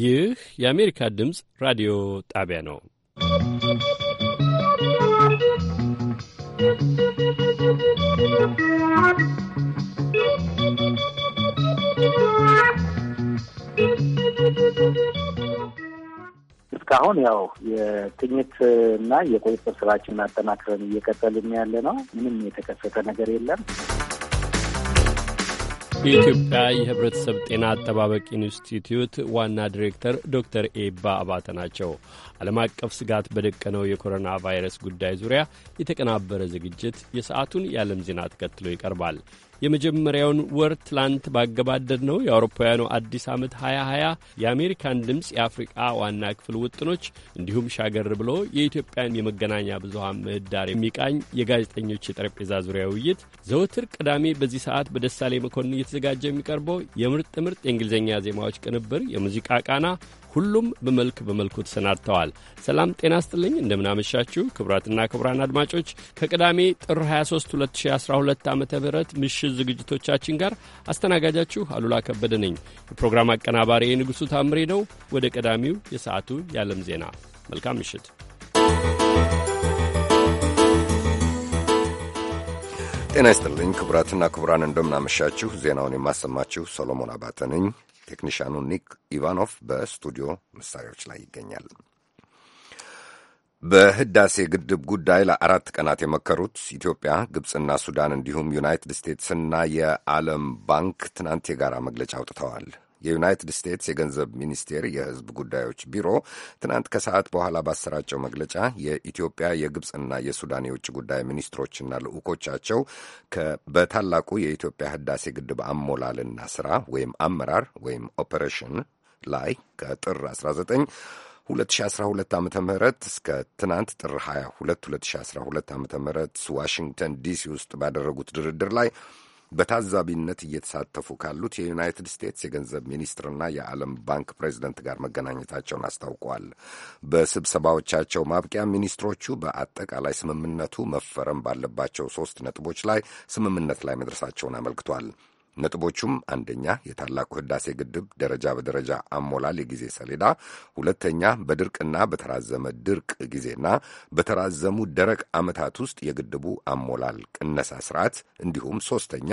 ይህ የአሜሪካ ድምፅ ራዲዮ ጣቢያ ነው። እስካሁን ያው የትኝት እና የቁጥጥር ስራችንን አጠናክረን እየቀጠልን ያለ ነው። ምንም የተከሰተ ነገር የለም። የኢትዮጵያ የሕብረተሰብ ጤና አጠባበቅ ኢንስቲትዩት ዋና ዲሬክተር ዶክተር ኤባ አባተ ናቸው። ዓለም አቀፍ ስጋት በደቀነው የኮሮና ቫይረስ ጉዳይ ዙሪያ የተቀናበረ ዝግጅት የሰዓቱን የዓለም ዜና ተከትሎ ይቀርባል። የመጀመሪያውን ወር ትላንት ባገባደድ ነው የአውሮፓውያኑ አዲስ ዓመት 2020 የአሜሪካን ድምፅ የአፍሪቃ ዋና ክፍል ውጥኖች እንዲሁም ሻገር ብሎ የኢትዮጵያን የመገናኛ ብዙሃን ምህዳር የሚቃኝ የጋዜጠኞች የጠረጴዛ ዙሪያ ውይይት ዘወትር ቅዳሜ በዚህ ሰዓት በደሳሌ መኮንን እየተዘጋጀ የሚቀርበው የምርጥ ምርጥ የእንግሊዝኛ ዜማዎች ቅንብር፣ የሙዚቃ ቃና ሁሉም በመልክ በመልኩ ተሰናድተዋል። ሰላም ጤና ስጥልኝ። እንደምናመሻችሁ ክቡራትና ክቡራን አድማጮች ከቅዳሜ ጥር 23 2012 ዓ ም ምሽት ዝግጅቶቻችን ጋር አስተናጋጃችሁ አሉላ ከበደ ነኝ። የፕሮግራም አቀናባሪ የንጉሡ ታምሬ ነው። ወደ ቀዳሚው የሰዓቱ የዓለም ዜና። መልካም ምሽት። ጤና ይስጥልኝ ክቡራትና ክቡራን እንደምናመሻችሁ። ዜናውን የማሰማችሁ ሰሎሞን አባተ ነኝ። ቴክኒሽያኑ ኒክ ኢቫኖቭ በስቱዲዮ መሳሪያዎች ላይ ይገኛል። በህዳሴ ግድብ ጉዳይ ለአራት ቀናት የመከሩት ኢትዮጵያ፣ ግብፅና ሱዳን እንዲሁም ዩናይትድ ስቴትስና የዓለም ባንክ ትናንት የጋራ መግለጫ አውጥተዋል። የዩናይትድ ስቴትስ የገንዘብ ሚኒስቴር የሕዝብ ጉዳዮች ቢሮ ትናንት ከሰዓት በኋላ ባሰራጨው መግለጫ የኢትዮጵያ የግብፅና የሱዳን የውጭ ጉዳይ ሚኒስትሮችና ልዑኮቻቸው በታላቁ የኢትዮጵያ ህዳሴ ግድብ አሞላልና ስራ ወይም አመራር ወይም ኦፐሬሽን ላይ ከጥር 19 2012 ዓ ም እስከ ትናንት ጥር 22 2012 ዓ ም ዋሽንግተን ዲሲ ውስጥ ባደረጉት ድርድር ላይ በታዛቢነት እየተሳተፉ ካሉት የዩናይትድ ስቴትስ የገንዘብ ሚኒስትርና የዓለም ባንክ ፕሬዚደንት ጋር መገናኘታቸውን አስታውቋል። በስብሰባዎቻቸው ማብቂያ ሚኒስትሮቹ በአጠቃላይ ስምምነቱ መፈረም ባለባቸው ሶስት ነጥቦች ላይ ስምምነት ላይ መድረሳቸውን አመልክቷል። ነጥቦቹም አንደኛ የታላቁ ህዳሴ ግድብ ደረጃ በደረጃ አሞላል የጊዜ ሰሌዳ፣ ሁለተኛ በድርቅና በተራዘመ ድርቅ ጊዜና በተራዘሙ ደረቅ ዓመታት ውስጥ የግድቡ አሞላል ቅነሳ ስርዓት፣ እንዲሁም ሶስተኛ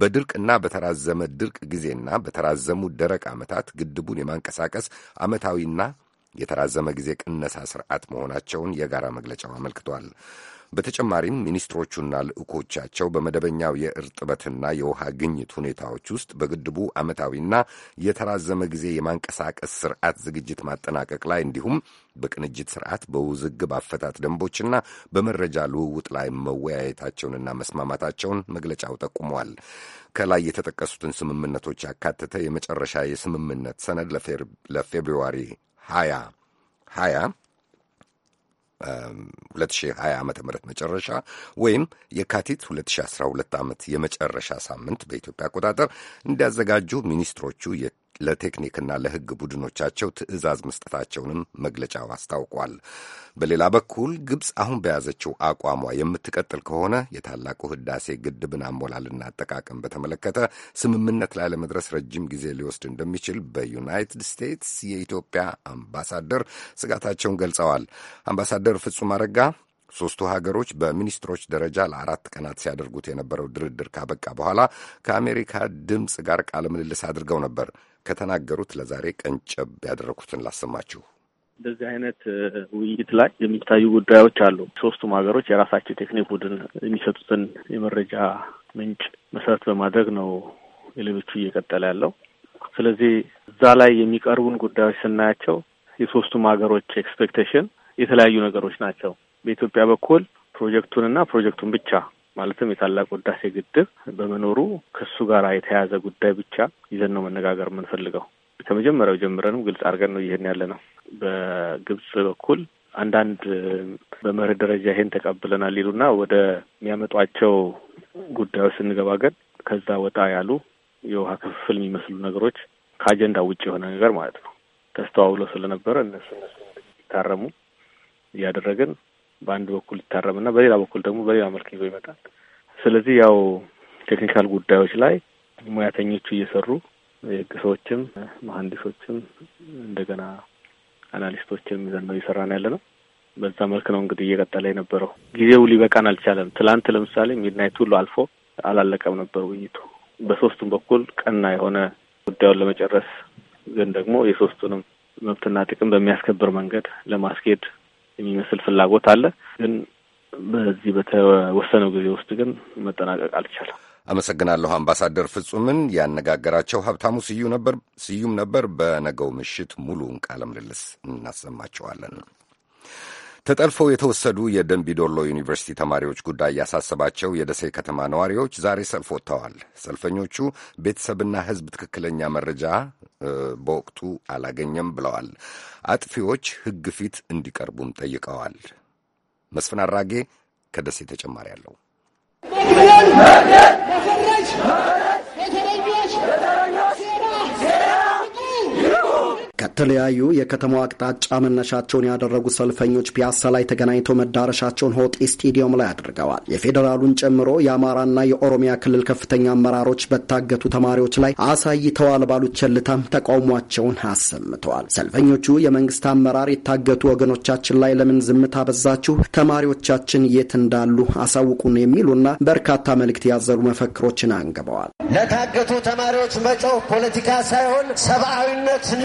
በድርቅና በተራዘመ ድርቅ ጊዜና በተራዘሙ ደረቅ ዓመታት ግድቡን የማንቀሳቀስ ዓመታዊና የተራዘመ ጊዜ ቅነሳ ስርዓት መሆናቸውን የጋራ መግለጫው አመልክቷል። በተጨማሪም ሚኒስትሮቹና ልዑኮቻቸው በመደበኛው የእርጥበትና የውሃ ግኝት ሁኔታዎች ውስጥ በግድቡ ዓመታዊና የተራዘመ ጊዜ የማንቀሳቀስ ስርዓት ዝግጅት ማጠናቀቅ ላይ እንዲሁም በቅንጅት ስርዓት በውዝግብ አፈታት ደንቦችና በመረጃ ልውውጥ ላይ መወያየታቸውንና መስማማታቸውን መግለጫው ጠቁመዋል። ከላይ የተጠቀሱትን ስምምነቶች ያካተተ የመጨረሻ የስምምነት ሰነድ ለፌብርዋሪ 20 2020 ዓ ም መጨረሻ ወይም የካቲት 2012 ዓመት የመጨረሻ ሳምንት በኢትዮጵያ አቆጣጠር እንዲያዘጋጁ ሚኒስትሮቹ ለቴክኒክና ለሕግ ቡድኖቻቸው ትዕዛዝ መስጠታቸውንም መግለጫው አስታውቋል። በሌላ በኩል ግብፅ አሁን በያዘችው አቋሟ የምትቀጥል ከሆነ የታላቁ ህዳሴ ግድብን አሞላልና አጠቃቀም በተመለከተ ስምምነት ላይ ለመድረስ ረጅም ጊዜ ሊወስድ እንደሚችል በዩናይትድ ስቴትስ የኢትዮጵያ አምባሳደር ስጋታቸውን ገልጸዋል። አምባሳደር ፍጹም አረጋ ሶስቱ ሀገሮች በሚኒስትሮች ደረጃ ለአራት ቀናት ሲያደርጉት የነበረው ድርድር ካበቃ በኋላ ከአሜሪካ ድምፅ ጋር ቃለ ምልልስ አድርገው ነበር። ከተናገሩት ለዛሬ ቀንጨብ ያደረኩትን ላሰማችሁ። እንደዚህ አይነት ውይይት ላይ የሚታዩ ጉዳዮች አሉ። ሶስቱም ሀገሮች የራሳቸው ቴክኒክ ቡድን የሚሰጡትን የመረጃ ምንጭ መሰረት በማድረግ ነው የሌሎቹ እየቀጠለ ያለው። ስለዚህ እዛ ላይ የሚቀርቡን ጉዳዮች ስናያቸው የሶስቱም ሀገሮች ኤክስፔክቴሽን የተለያዩ ነገሮች ናቸው። በኢትዮጵያ በኩል ፕሮጀክቱንና ፕሮጀክቱን ብቻ ማለትም የታላቁ ህዳሴ ግድብ በመኖሩ ከሱ ጋር የተያያዘ ጉዳይ ብቻ ይዘን ነው መነጋገር የምንፈልገው። ከመጀመሪያው ጀምረንም ግልጽ አድርገን ነው ይህን ያለ ነው። በግብጽ በኩል አንዳንድ በመርህ ደረጃ ይሄን ተቀብለናል ይሉና ወደ የሚያመጧቸው ጉዳዮች ስንገባ ግን ከዛ ወጣ ያሉ የውሃ ክፍፍል የሚመስሉ ነገሮች ከአጀንዳ ውጭ የሆነ ነገር ማለት ነው ተስተዋውሎ ስለነበረ እነሱ እነሱ እንዲታረሙ እያደረግን በአንድ በኩል እና በሌላ በኩል ደግሞ በሌላ መልክ ይዞ ይመጣል። ስለዚህ ያው ቴክኒካል ጉዳዮች ላይ ሙያተኞቹ እየሰሩ የህግ ሰዎችም መሀንዲሶችም እንደገና አናሊስቶችም ይዘን ነው እየሰራን ያለ ነው። በዛ መልክ ነው እንግዲህ እየቀጠለ የነበረው። ጊዜው ሊበቃን አልቻለም። ትላንት ለምሳሌ ሚድናይት ሁሉ አልፎ አላለቀም ነበር ውይይቱ። በሶስቱም በኩል ቀና የሆነ ጉዳዩን ለመጨረስ ግን ደግሞ የሶስቱንም መብትና ጥቅም በሚያስከብር መንገድ ለማስኬድ የሚመስል ፍላጎት አለ ግን በዚህ በተወሰነው ጊዜ ውስጥ ግን መጠናቀቅ አልቻለም። አመሰግናለሁ። አምባሳደር ፍጹምን ያነጋገራቸው ሀብታሙ ስዩ ነበር ስዩም ነበር። በነገው ምሽት ሙሉውን ቃለ ምልልስ እናሰማቸዋለን። ተጠልፈው የተወሰዱ የደንቢዶሎ ዩኒቨርሲቲ ተማሪዎች ጉዳይ ያሳሰባቸው የደሴ ከተማ ነዋሪዎች ዛሬ ሰልፍ ወጥተዋል። ሰልፈኞቹ ቤተሰብና ሕዝብ ትክክለኛ መረጃ በወቅቱ አላገኘም ብለዋል። አጥፊዎች ሕግ ፊት እንዲቀርቡም ጠይቀዋል። መስፍን አራጌ ከደሴ ተጨማሪ አለው። ከተለያዩ የከተማው አቅጣጫ መነሻቸውን ያደረጉ ሰልፈኞች ፒያሳ ላይ ተገናኝተው መዳረሻቸውን ሆጤ ስቴዲየም ላይ አድርገዋል። የፌዴራሉን ጨምሮ የአማራና የኦሮሚያ ክልል ከፍተኛ አመራሮች በታገቱ ተማሪዎች ላይ አሳይተዋል ባሉት ቸልታም ተቃውሟቸውን አሰምተዋል። ሰልፈኞቹ የመንግስት አመራር የታገቱ ወገኖቻችን ላይ ለምን ዝምታ በዛችሁ? ተማሪዎቻችን የት እንዳሉ አሳውቁን የሚሉና በርካታ መልእክት ያዘሉ መፈክሮችን አንግበዋል። ለታገቱ ተማሪዎች መጮህ ፖለቲካ ሳይሆን ሰብአዊነት ነው።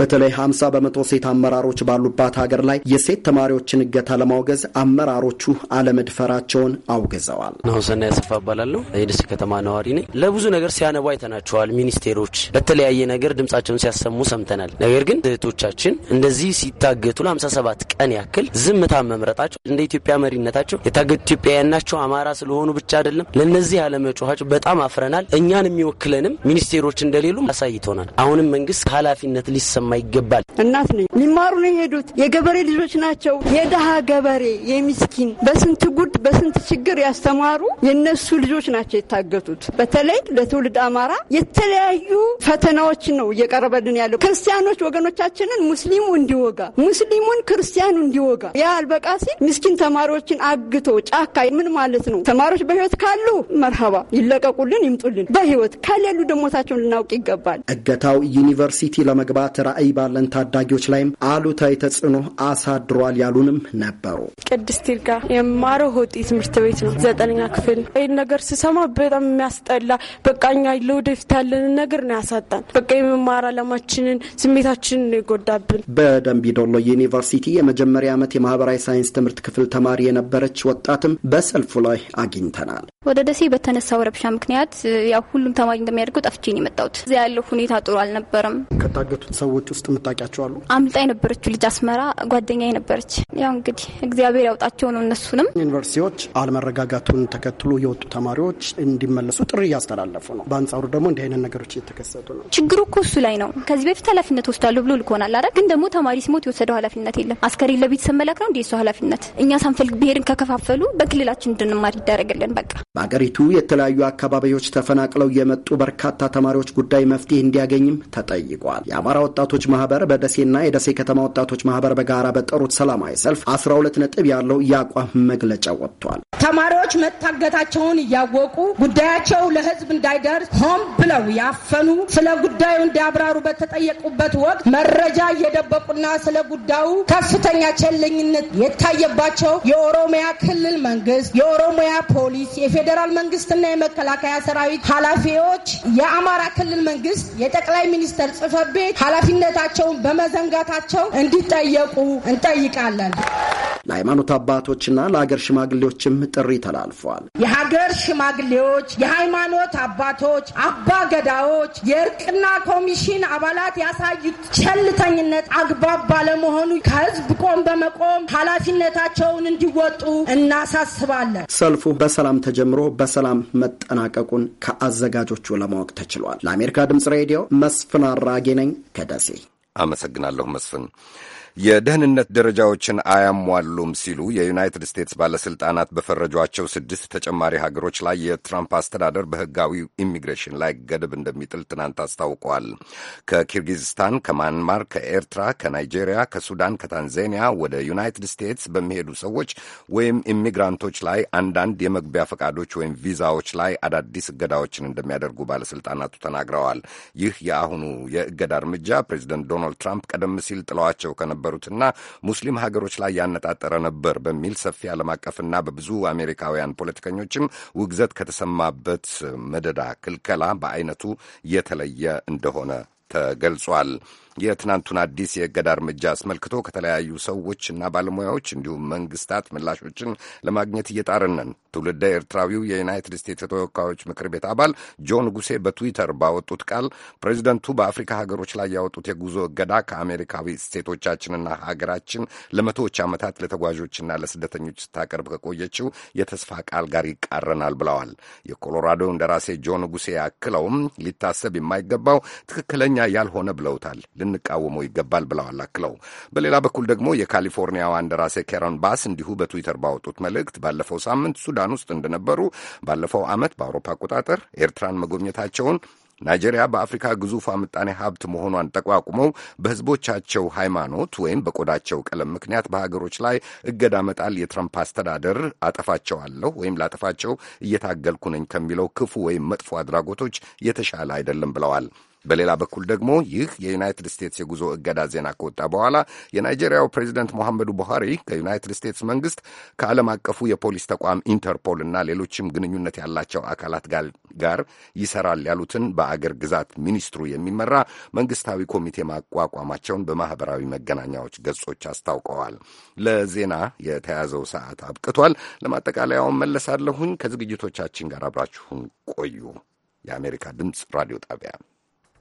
በተለይ 50 በመቶ ሴት አመራሮች ባሉባት ሀገር ላይ የሴት ተማሪዎችን እገታ ለማውገዝ አመራሮቹ አለመድፈራቸውን አውግዘዋል። ነሆሰና ያሰፋ እባላለሁ። የደሴ ከተማ ነዋሪ ነኝ። ለብዙ ነገር ሲያነቡ አይተናቸዋል። ሚኒስቴሮች በተለያየ ነገር ድምጻቸውን ሲያሰሙ ሰምተናል። ነገር ግን እህቶቻችን እንደዚህ ሲታገቱ ለ57 ቀን ያክል ዝምታ መምረጣቸው እንደ ኢትዮጵያ መሪነታቸው የታገቱ ኢትዮጵያውያን ናቸው አማራ ስለሆኑ ብቻ አይደለም። ለእነዚህ አለመጮኋቸው በጣም አፍረናል። እኛን የሚወክለንም ሚኒስቴሮች እንደሌሉም አሳይቶናል። አሁንም መንግስት ኃላፊ ኃላፊነት ሊሰማ ይገባል። እናት ነኝ፣ ሊማሩ ነው የሄዱት። የገበሬ ልጆች ናቸው። የድሃ ገበሬ የሚስኪን በስንት ጉድ በስንት ችግር ያስተማሩ የነሱ ልጆች ናቸው የታገቱት። በተለይ ለትውልድ አማራ የተለያዩ ፈተናዎችን ነው እየቀረበልን ያለው። ክርስቲያኖች ወገኖቻችንን ሙስሊሙ እንዲወጋ፣ ሙስሊሙን ክርስቲያኑ እንዲወጋ ያ አልበቃ ሲል ምስኪን ተማሪዎችን አግቶ ጫካ ምን ማለት ነው? ተማሪዎች በህይወት ካሉ መርሃባ ይለቀቁልን፣ ይምጡልን። በህይወት ከሌሉ ደሞታቸውን ልናውቅ ይገባል። እገታው ዩኒቨርሲቲ በመግባት ራዕይ ባለን ታዳጊዎች ላይም አሉታዊ ተጽዕኖ አሳድሯል ያሉንም ነበሩ። ቅድስት ይርጋ የማረው ሆጢ ትምህርት ቤት ነው ዘጠነኛ ክፍል። ይህን ነገር ስሰማ በጣም የሚያስጠላ በቃ እኛ ለወደፊት ያለንን ነገር ነው ያሳጣን። በቃ የመማር አላማችንን ስሜታችንን ነው ይጎዳብን። በደንቢ ዶሎ ዩኒቨርሲቲ የመጀመሪያ ዓመት የማህበራዊ ሳይንስ ትምህርት ክፍል ተማሪ የነበረች ወጣትም በሰልፉ ላይ አግኝተናል። ወደ ደሴ በተነሳው ረብሻ ምክንያት ያው ሁሉም ተማሪ እንደሚያደርገው ጠፍቼ ነው የመጣሁት። እዚያ ያለው ሁኔታ ጥሩ አልነበረም። ከታገቱት ሰዎች ውስጥ የምታውቂያቸው አሉ? አምልጣ የነበረችው ልጅ አስመራ ጓደኛ የነበረች። ያው እንግዲህ እግዚአብሔር ያውጣቸው ነው እነሱንም። ዩኒቨርሲቲዎች አለመረጋጋቱን ተከትሎ የወጡ ተማሪዎች እንዲመለሱ ጥሪ እያስተላለፉ ነው። በአንጻሩ ደግሞ እንዲህ አይነት ነገሮች እየተከሰቱ ነው። ችግሩ እኮ እሱ ላይ ነው። ከዚህ በፊት ኃላፊነት ወስዳለሁ ብሎ ልኮናል አይደል? ግን ደግሞ ተማሪ ሲሞት የወሰደው ኃላፊነት የለም። አስከሬን ለቤተሰብ መላክ ነው እንዲ የሱ ኃላፊነት። እኛ ሳንፈልግ ብሄርን ከከፋፈሉ በክልላችን እንድንማር ይደረግልን በቃ በአገሪቱ የተለያዩ አካባቢዎች ተፈናቅለው የመጡ በርካታ ተማሪዎች ጉዳይ መፍትሄ እንዲያገኝም ተጠይቋል። የአማራ ወጣቶች ማህበር በደሴና የደሴ ከተማ ወጣቶች ማህበር በጋራ በጠሩት ሰላማዊ ሰልፍ 12 ነጥብ ያለው የአቋም መግለጫ ወጥቷል። ሰዎች መታገታቸውን እያወቁ ጉዳያቸው ለህዝብ እንዳይደርስ ሆን ብለው ያፈኑ፣ ስለ ጉዳዩ እንዲያብራሩ በተጠየቁበት ወቅት መረጃ እየደበቁና ስለ ጉዳዩ ከፍተኛ ቸልኝነት የታየባቸው የኦሮሚያ ክልል መንግስት፣ የኦሮሚያ ፖሊስ፣ የፌዴራል መንግስትና የመከላከያ ሰራዊት ኃላፊዎች፣ የአማራ ክልል መንግስት፣ የጠቅላይ ሚኒስተር ጽህፈት ቤት ኃላፊነታቸውን በመዘንጋታቸው እንዲጠየቁ እንጠይቃለን። ለሃይማኖት አባቶችና ለአገር ሽማግሌዎችም ጥሪ ተላል አልፏል። የሀገር ሽማግሌዎች፣ የሃይማኖት አባቶች፣ አባ ገዳዎች፣ የእርቅና ኮሚሽን አባላት ያሳዩት ቸልተኝነት አግባብ ባለመሆኑ ከህዝብ ቆም በመቆም ኃላፊነታቸውን እንዲወጡ እናሳስባለን። ሰልፉ በሰላም ተጀምሮ በሰላም መጠናቀቁን ከአዘጋጆቹ ለማወቅ ተችሏል። ለአሜሪካ ድምጽ ሬዲዮ መስፍን አራጌ ነኝ ከደሴ አመሰግናለሁ መስፍን። የደህንነት ደረጃዎችን አያሟሉም ሲሉ የዩናይትድ ስቴትስ ባለሥልጣናት በፈረጇቸው ስድስት ተጨማሪ ሀገሮች ላይ የትራምፕ አስተዳደር በሕጋዊ ኢሚግሬሽን ላይ ገደብ እንደሚጥል ትናንት አስታውቋል። ከኪርጊዝስታን፣ ከማንማር፣ ከኤርትራ፣ ከናይጄሪያ፣ ከሱዳን፣ ከታንዛኒያ ወደ ዩናይትድ ስቴትስ በሚሄዱ ሰዎች ወይም ኢሚግራንቶች ላይ አንዳንድ የመግቢያ ፈቃዶች ወይም ቪዛዎች ላይ አዳዲስ እገዳዎችን እንደሚያደርጉ ባለሥልጣናቱ ተናግረዋል። ይህ የአሁኑ የእገዳ እርምጃ ፕሬዚደንት ዶናልድ ትራምፕ ቀደም ሲል ጥለዋቸው ከነበ የነበሩትና ሙስሊም ሀገሮች ላይ ያነጣጠረ ነበር በሚል ሰፊ ዓለም አቀፍና በብዙ አሜሪካውያን ፖለቲከኞችም ውግዘት ከተሰማበት መደዳ ክልከላ በአይነቱ የተለየ እንደሆነ ተገልጿል። የትናንቱን አዲስ የእገዳ እርምጃ አስመልክቶ ከተለያዩ ሰዎች እና ባለሙያዎች እንዲሁም መንግስታት ምላሾችን ለማግኘት እየጣርን ትውልደ ኤርትራዊው የዩናይትድ ስቴትስ የተወካዮች ምክር ቤት አባል ጆ ንጉሴ በትዊተር ባወጡት ቃል ፕሬዚደንቱ በአፍሪካ ሀገሮች ላይ ያወጡት የጉዞ እገዳ ከአሜሪካዊ ስቴቶቻችንና ሀገራችን ለመቶዎች ዓመታት ለተጓዦችና ለስደተኞች ስታቀርብ ከቆየችው የተስፋ ቃል ጋር ይቃረናል ብለዋል። የኮሎራዶ እንደራሴ ጆ ንጉሴ አክለውም ሊታሰብ የማይገባው ትክክለኛ ያልሆነ ብለውታል። ልንቃወመው ይገባል ብለዋል። አክለው በሌላ በኩል ደግሞ የካሊፎርኒያዋ እንደራሴ ኬረን ባስ እንዲሁ በትዊተር ባወጡት መልእክት ባለፈው ሳምንት ሱዳን ውስጥ እንደነበሩ ባለፈው ዓመት በአውሮፓ አቆጣጠር ኤርትራን መጎብኘታቸውን ናይጄሪያ በአፍሪካ ግዙፏ ምጣኔ ሀብት መሆኗን ጠቋቁመው በሕዝቦቻቸው ሃይማኖት ወይም በቆዳቸው ቀለም ምክንያት በሀገሮች ላይ እገዳ መጣል የትረምፕ አስተዳደር አጠፋቸዋለሁ ወይም ላጠፋቸው እየታገልኩ ነኝ ከሚለው ክፉ ወይም መጥፎ አድራጎቶች የተሻለ አይደለም ብለዋል። በሌላ በኩል ደግሞ ይህ የዩናይትድ ስቴትስ የጉዞ እገዳ ዜና ከወጣ በኋላ የናይጄሪያው ፕሬዚደንት ሞሐመዱ ቡሃሪ ከዩናይትድ ስቴትስ መንግስት ከዓለም አቀፉ የፖሊስ ተቋም ኢንተርፖል እና ሌሎችም ግንኙነት ያላቸው አካላት ጋር ይሰራል ያሉትን በአገር ግዛት ሚኒስትሩ የሚመራ መንግስታዊ ኮሚቴ ማቋቋማቸውን በማህበራዊ መገናኛዎች ገጾች አስታውቀዋል። ለዜና የተያዘው ሰዓት አብቅቷል። ለማጠቃለያውን መለሳለሁኝ። ከዝግጅቶቻችን ጋር አብራችሁን ቆዩ። የአሜሪካ ድምፅ ራዲዮ ጣቢያ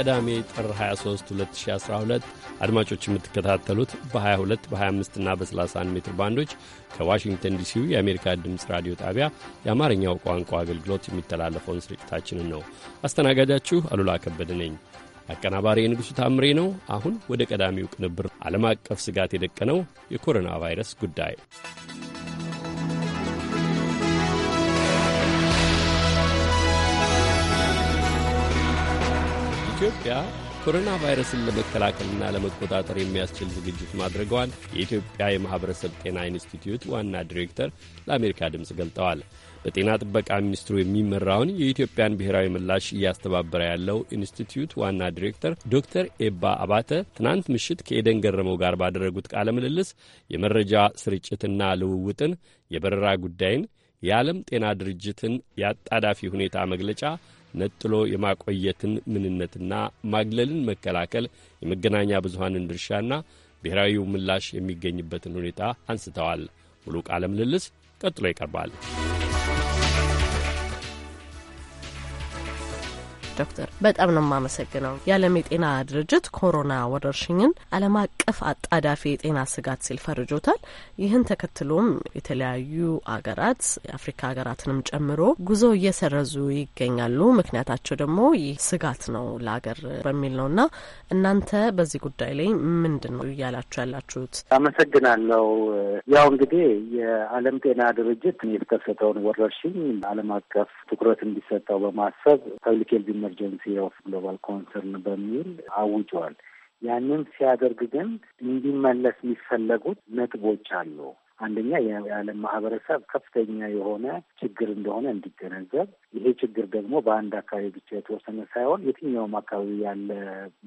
ቅዳሜ ጥር 23 2012። አድማጮች የምትከታተሉት በ22 በ25 እና በ31 ሜትር ባንዶች ከዋሽንግተን ዲሲው የአሜሪካ ድምፅ ራዲዮ ጣቢያ የአማርኛው ቋንቋ አገልግሎት የሚተላለፈውን ስርጭታችንን ነው። አስተናጋጃችሁ አሉላ ከበደ ነኝ። አቀናባሪ የንጉሡ ታምሬ ነው። አሁን ወደ ቀዳሚው ቅንብር፣ ዓለም አቀፍ ስጋት የደቀነው የኮሮና ቫይረስ ጉዳይ ኢትዮጵያ ኮሮና ቫይረስን ለመከላከልና ለመቆጣጠር የሚያስችል ዝግጅት ማድረገዋን የኢትዮጵያ የማኅበረሰብ ጤና ኢንስቲትዩት ዋና ዲሬክተር ለአሜሪካ ድምፅ ገልጠዋል። በጤና ጥበቃ ሚኒስትሩ የሚመራውን የኢትዮጵያን ብሔራዊ ምላሽ እያስተባበረ ያለው ኢንስቲትዩት ዋና ዲሬክተር ዶክተር ኤባ አባተ ትናንት ምሽት ከኤደን ገረመው ጋር ባደረጉት ቃለ ምልልስ የመረጃ ስርጭትና ልውውጥን፣ የበረራ ጉዳይን፣ የዓለም ጤና ድርጅትን የአጣዳፊ ሁኔታ መግለጫ ነጥሎ የማቆየትን ምንነትና ማግለልን መከላከል፣ የመገናኛ ብዙኃንን ድርሻና ብሔራዊው ምላሽ የሚገኝበትን ሁኔታ አንስተዋል። ሙሉ ቃለ ምልልስ ቀጥሎ ይቀርባል። ዶክተር በጣም ነው የማመሰግነው። የዓለም የጤና ድርጅት ኮሮና ወረርሽኝን ዓለም አቀፍ አጣዳፊ የጤና ስጋት ሲል ፈርጆታል። ይህን ተከትሎም የተለያዩ አገራት የአፍሪካ ሀገራትንም ጨምሮ ጉዞ እየሰረዙ ይገኛሉ። ምክንያታቸው ደግሞ ይህ ስጋት ነው ለሀገር በሚል ነው እና እናንተ በዚህ ጉዳይ ላይ ምንድን ነው እያላችሁ ያላችሁት? አመሰግናለሁ። ያው እንግዲህ የዓለም ጤና ድርጅት የተከሰተውን ወረርሽኝ ዓለም አቀፍ ትኩረት እንዲሰጠው በማሰብ ፐብሊክ ሄልዝ ኢመርጀንሲ ኦፍ ግሎባል ኮንሰርን በሚል አውጀዋል። ያንን ሲያደርግ ግን እንዲመለስ የሚፈለጉት ነጥቦች አሉ። አንደኛ የዓለም ማህበረሰብ ከፍተኛ የሆነ ችግር እንደሆነ እንዲገነዘብ፣ ይሄ ችግር ደግሞ በአንድ አካባቢ ብቻ የተወሰነ ሳይሆን የትኛውም አካባቢ ያለ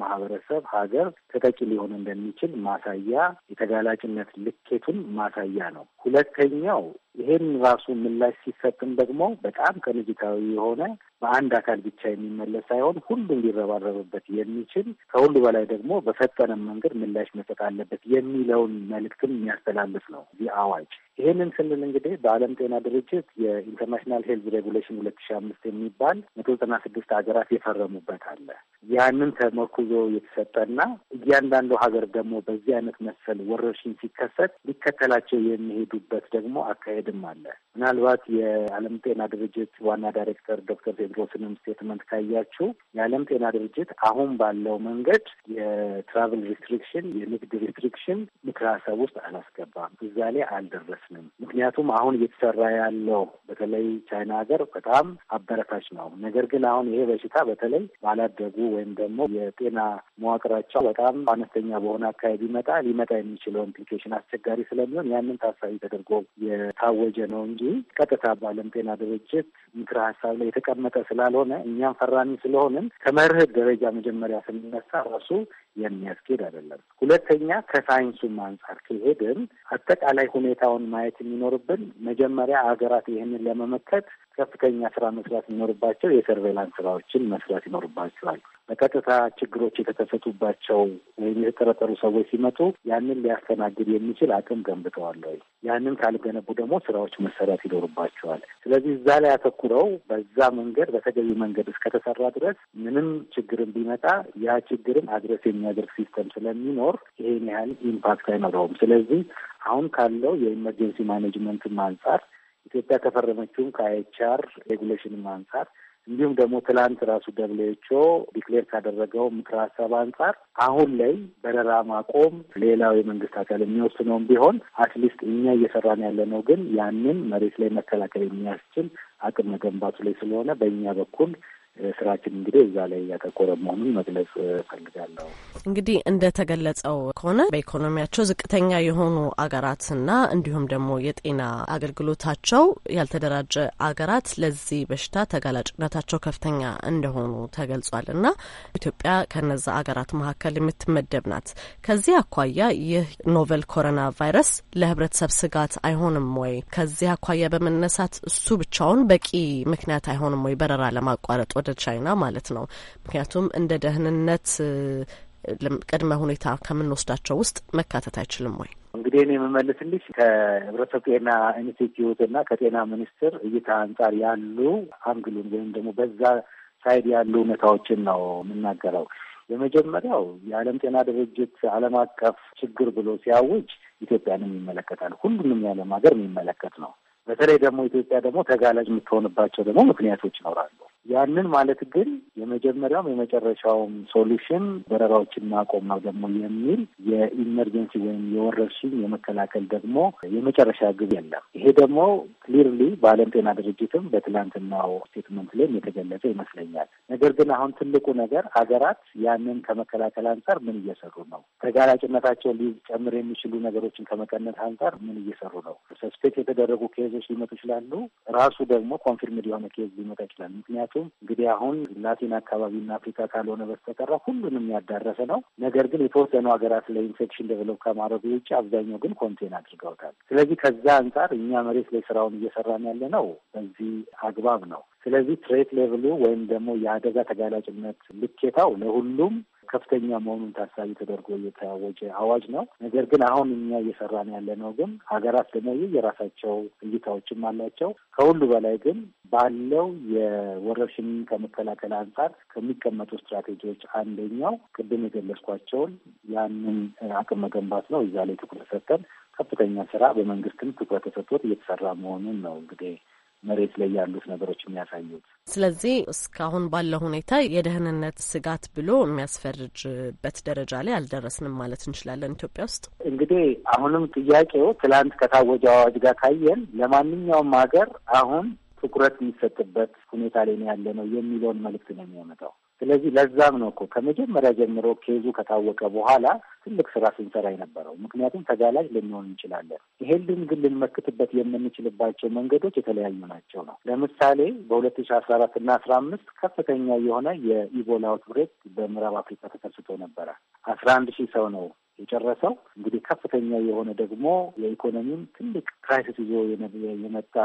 ማህበረሰብ፣ ሀገር ተጠቂ ሊሆን እንደሚችል ማሳያ የተጋላጭነት ልኬቱን ማሳያ ነው። ሁለተኛው ይሄን ራሱ ምላሽ ሲሰጥም ደግሞ በጣም ቅንጅታዊ የሆነ በአንድ አካል ብቻ የሚመለስ ሳይሆን ሁሉም ሊረባረብበት የሚችል ከሁሉ በላይ ደግሞ በፈጠነ መንገድ ምላሽ መሰጥ አለበት የሚለውን መልእክትም የሚያስተላልፍ ነው እዚህ አዋጅ። ይህንን ስንል እንግዲህ በዓለም ጤና ድርጅት የኢንተርናሽናል ሄልዝ ሬጉሌሽን ሁለት ሺ አምስት የሚባል መቶ ዘጠና ስድስት ሀገራት የፈረሙበት አለ። ያንን ተመኩዞ የተሰጠና እያንዳንዱ ሀገር ደግሞ በዚህ አይነት መሰል ወረርሽኝ ሲከሰት ሊከተላቸው የሚሄዱበት ደግሞ አካሄድ መንገድም አለ። ምናልባት የዓለም ጤና ድርጅት ዋና ዳይሬክተር ዶክተር ቴድሮስንም ስቴትመንት ካያችሁ የዓለም ጤና ድርጅት አሁን ባለው መንገድ የትራቭል ሪስትሪክሽን፣ የንግድ ሪስትሪክሽን ምክረ ሀሳብ ውስጥ አላስገባም። እዛ ላይ አልደረስንም። ምክንያቱም አሁን እየተሰራ ያለው በተለይ ቻይና ሀገር በጣም አበረታች ነው። ነገር ግን አሁን ይሄ በሽታ በተለይ ባላደጉ ወይም ደግሞ የጤና መዋቅራቸው በጣም አነስተኛ በሆነ አካባቢ ሊመጣ ሊመጣ የሚችለው ኢምፕሊኬሽን አስቸጋሪ ስለሚሆን ያንን ታሳቢ ተደርጎ የታ የታወጀ ነው እንጂ ቀጥታ በዓለም ጤና ድርጅት ምክረ ሀሳብ ላይ የተቀመጠ ስላልሆነ እኛም ፈራሚ ስለሆንን ከመርህ ደረጃ መጀመሪያ ስንነሳ ራሱ የሚያስኬድ አይደለም። ሁለተኛ ከሳይንሱም አንጻር ከሄድን አጠቃላይ ሁኔታውን ማየት የሚኖርብን መጀመሪያ ሀገራት ይህንን ለመመከት ከፍተኛ ስራ መስራት ይኖርባቸው የሰርቬላንስ ስራዎችን መስራት ይኖርባቸዋል። በቀጥታ ችግሮች የተከሰቱባቸው ወይም የተጠረጠሩ ሰዎች ሲመጡ ያንን ሊያስተናግድ የሚችል አቅም ገንብተዋል ወይ? ያንን ካልገነቡ ደግሞ ስራዎች መሰራት ይኖርባቸዋል። ስለዚህ እዛ ላይ አተኩረው በዛ መንገድ በተገቢ መንገድ እስከተሰራ ድረስ ምንም ችግርን ቢመጣ ያ ችግርን አድረስ የሚያደርግ ሲስተም ስለሚኖር ይሄን ያህል ኢምፓክት አይኖረውም። ስለዚህ አሁን ካለው የኢመርጀንሲ ማኔጅመንትም አንጻር ኢትዮጵያ ከፈረመችውም ከአይኤችአር ሬጉሌሽንም አንጻር እንዲሁም ደግሞ ትላንት ራሱ ደብሌዎችኦ ዲክሌር ካደረገው ምክር ሀሳብ አንጻር አሁን ላይ በረራ ማቆም ሌላው የመንግስት አካል የሚወስነውም ቢሆን አትሊስት እኛ እየሰራን ያለ ነው ግን ያንን መሬት ላይ መከላከል የሚያስችል አቅም መገንባቱ ላይ ስለሆነ በእኛ በኩል ስራችን እንግዲህ እዛ ላይ እያተኮረ መሆኑን መግለጽ ፈልጋለሁ። እንግዲህ እንደተገለጸው ከሆነ በኢኮኖሚያቸው ዝቅተኛ የሆኑ አገራትና እንዲሁም ደግሞ የጤና አገልግሎታቸው ያልተደራጀ አገራት ለዚህ በሽታ ተጋላጭነታቸው ከፍተኛ እንደሆኑ ተገልጿል እና ኢትዮጵያ ከነዛ አገራት መካከል የምትመደብ ናት። ከዚህ አኳያ ይህ ኖቨል ኮሮና ቫይረስ ለህብረተሰብ ስጋት አይሆንም ወይ? ከዚህ አኳያ በመነሳት እሱ ብቻውን በቂ ምክንያት አይሆንም ወይ በረራ ለማቋረጥ ወደ ቻይና ማለት ነው። ምክንያቱም እንደ ደህንነት ቅድመ ሁኔታ ከምንወስዳቸው ውስጥ መካተት አይችልም ወይ? እንግዲህ እኔ የምመልስልሽ ከህብረተሰብ ጤና ኢንስቲትዩት እና ከጤና ሚኒስቴር እይታ አንጻር ያሉ አንግሉን ወይም ደግሞ በዛ ሳይድ ያሉ እውነታዎችን ነው የምናገረው። የመጀመሪያው የዓለም ጤና ድርጅት ዓለም አቀፍ ችግር ብሎ ሲያውጅ ኢትዮጵያንም ይመለከታል። ሁሉንም የዓለም ሀገር የሚመለከት ነው። በተለይ ደግሞ ኢትዮጵያ ደግሞ ተጋላጭ የምትሆንባቸው ደግሞ ምክንያቶች ይኖራሉ። ያንን ማለት ግን የመጀመሪያውም የመጨረሻውም ሶሉሽን በረራዎችን ማቆም ነው ደግሞ የሚል የኢመርጀንሲ ወይም የወረርሽኝ የመከላከል ደግሞ የመጨረሻ ግብ የለም። ይሄ ደግሞ ክሊርሊ በዓለም ጤና ድርጅትም በትላንትናው ስቴትመንት ላይም የተገለጸ ይመስለኛል። ነገር ግን አሁን ትልቁ ነገር ሀገራት ያንን ከመከላከል አንጻር ምን እየሰሩ ነው? ተጋላጭነታቸው ሊጨምር የሚችሉ ነገሮችን ከመቀነት አንጻር ምን እየሰሩ ነው? ሰስፔክት የተደረጉ ኬዞች ሊመጡ ይችላሉ። ራሱ ደግሞ ኮንፊርምድ የሆነ ኬዝ ሊመጣ ይችላል ምክንያቱ ምክንያቱም እንግዲህ አሁን ላቲን አካባቢና አፍሪካ ካልሆነ በስተቀረ ሁሉንም ያዳረሰ ነው። ነገር ግን የተወሰኑ ሀገራት ለኢንፌክሽን ዴቨሎፕ ከማድረጉ ውጭ አብዛኛው ግን ኮንቴን አድርገውታል። ስለዚህ ከዛ አንጻር እኛ መሬት ላይ ስራውን እየሰራን ያለ ነው በዚህ አግባብ ነው። ስለዚህ ትሬት ሌቭሉ ወይም ደግሞ የአደጋ ተጋላጭነት ልኬታው ለሁሉም ከፍተኛ መሆኑን ታሳቢ ተደርጎ እየታወጀ አዋጅ ነው። ነገር ግን አሁን እኛ እየሰራን ያለ ነው ግን ሀገራት ደግሞ የራሳቸው እይታዎችም አላቸው። ከሁሉ በላይ ግን ባለው የወረርሽኝ ከመከላከል አንጻር ከሚቀመጡ ስትራቴጂዎች አንደኛው ቅድም የገለጽኳቸውን ያንን አቅም መገንባት ነው። እዛ ላይ ትኩረት ሰጥተን ከፍተኛ ስራ በመንግስትም ትኩረት ተሰጥቶት እየተሰራ መሆኑን ነው እንግዲህ መሬት ላይ ያሉት ነገሮች የሚያሳዩት። ስለዚህ እስካሁን ባለው ሁኔታ የደህንነት ስጋት ብሎ የሚያስፈርጅበት ደረጃ ላይ አልደረስንም ማለት እንችላለን። ኢትዮጵያ ውስጥ እንግዲህ አሁንም ጥያቄው ትላንት ከታወጀ አዋጅ ጋር ካየን ለማንኛውም ሀገር አሁን ትኩረት የሚሰጥበት ሁኔታ ላይ ያለ ነው የሚለውን መልእክት ነው የሚያመጣው። ስለዚህ ለዛም ነው እኮ ከመጀመሪያ ጀምሮ ኬዙ ከታወቀ በኋላ ትልቅ ስራ ስንሰራ የነበረው። ምክንያቱም ተጋላጅ ልንሆን እንችላለን። ይሄንን ግን ልንመክትበት የምንችልባቸው መንገዶች የተለያዩ ናቸው ነው። ለምሳሌ በሁለት ሺ አስራ አራት እና አስራ አምስት ከፍተኛ የሆነ የኢቦላ አውትብሬክ በምዕራብ አፍሪካ ተከስቶ ነበረ። አስራ አንድ ሺህ ሰው ነው የጨረሰው እንግዲህ ከፍተኛ የሆነ ደግሞ የኢኮኖሚም ትልቅ ክራይሲስ ይዞ የመጣ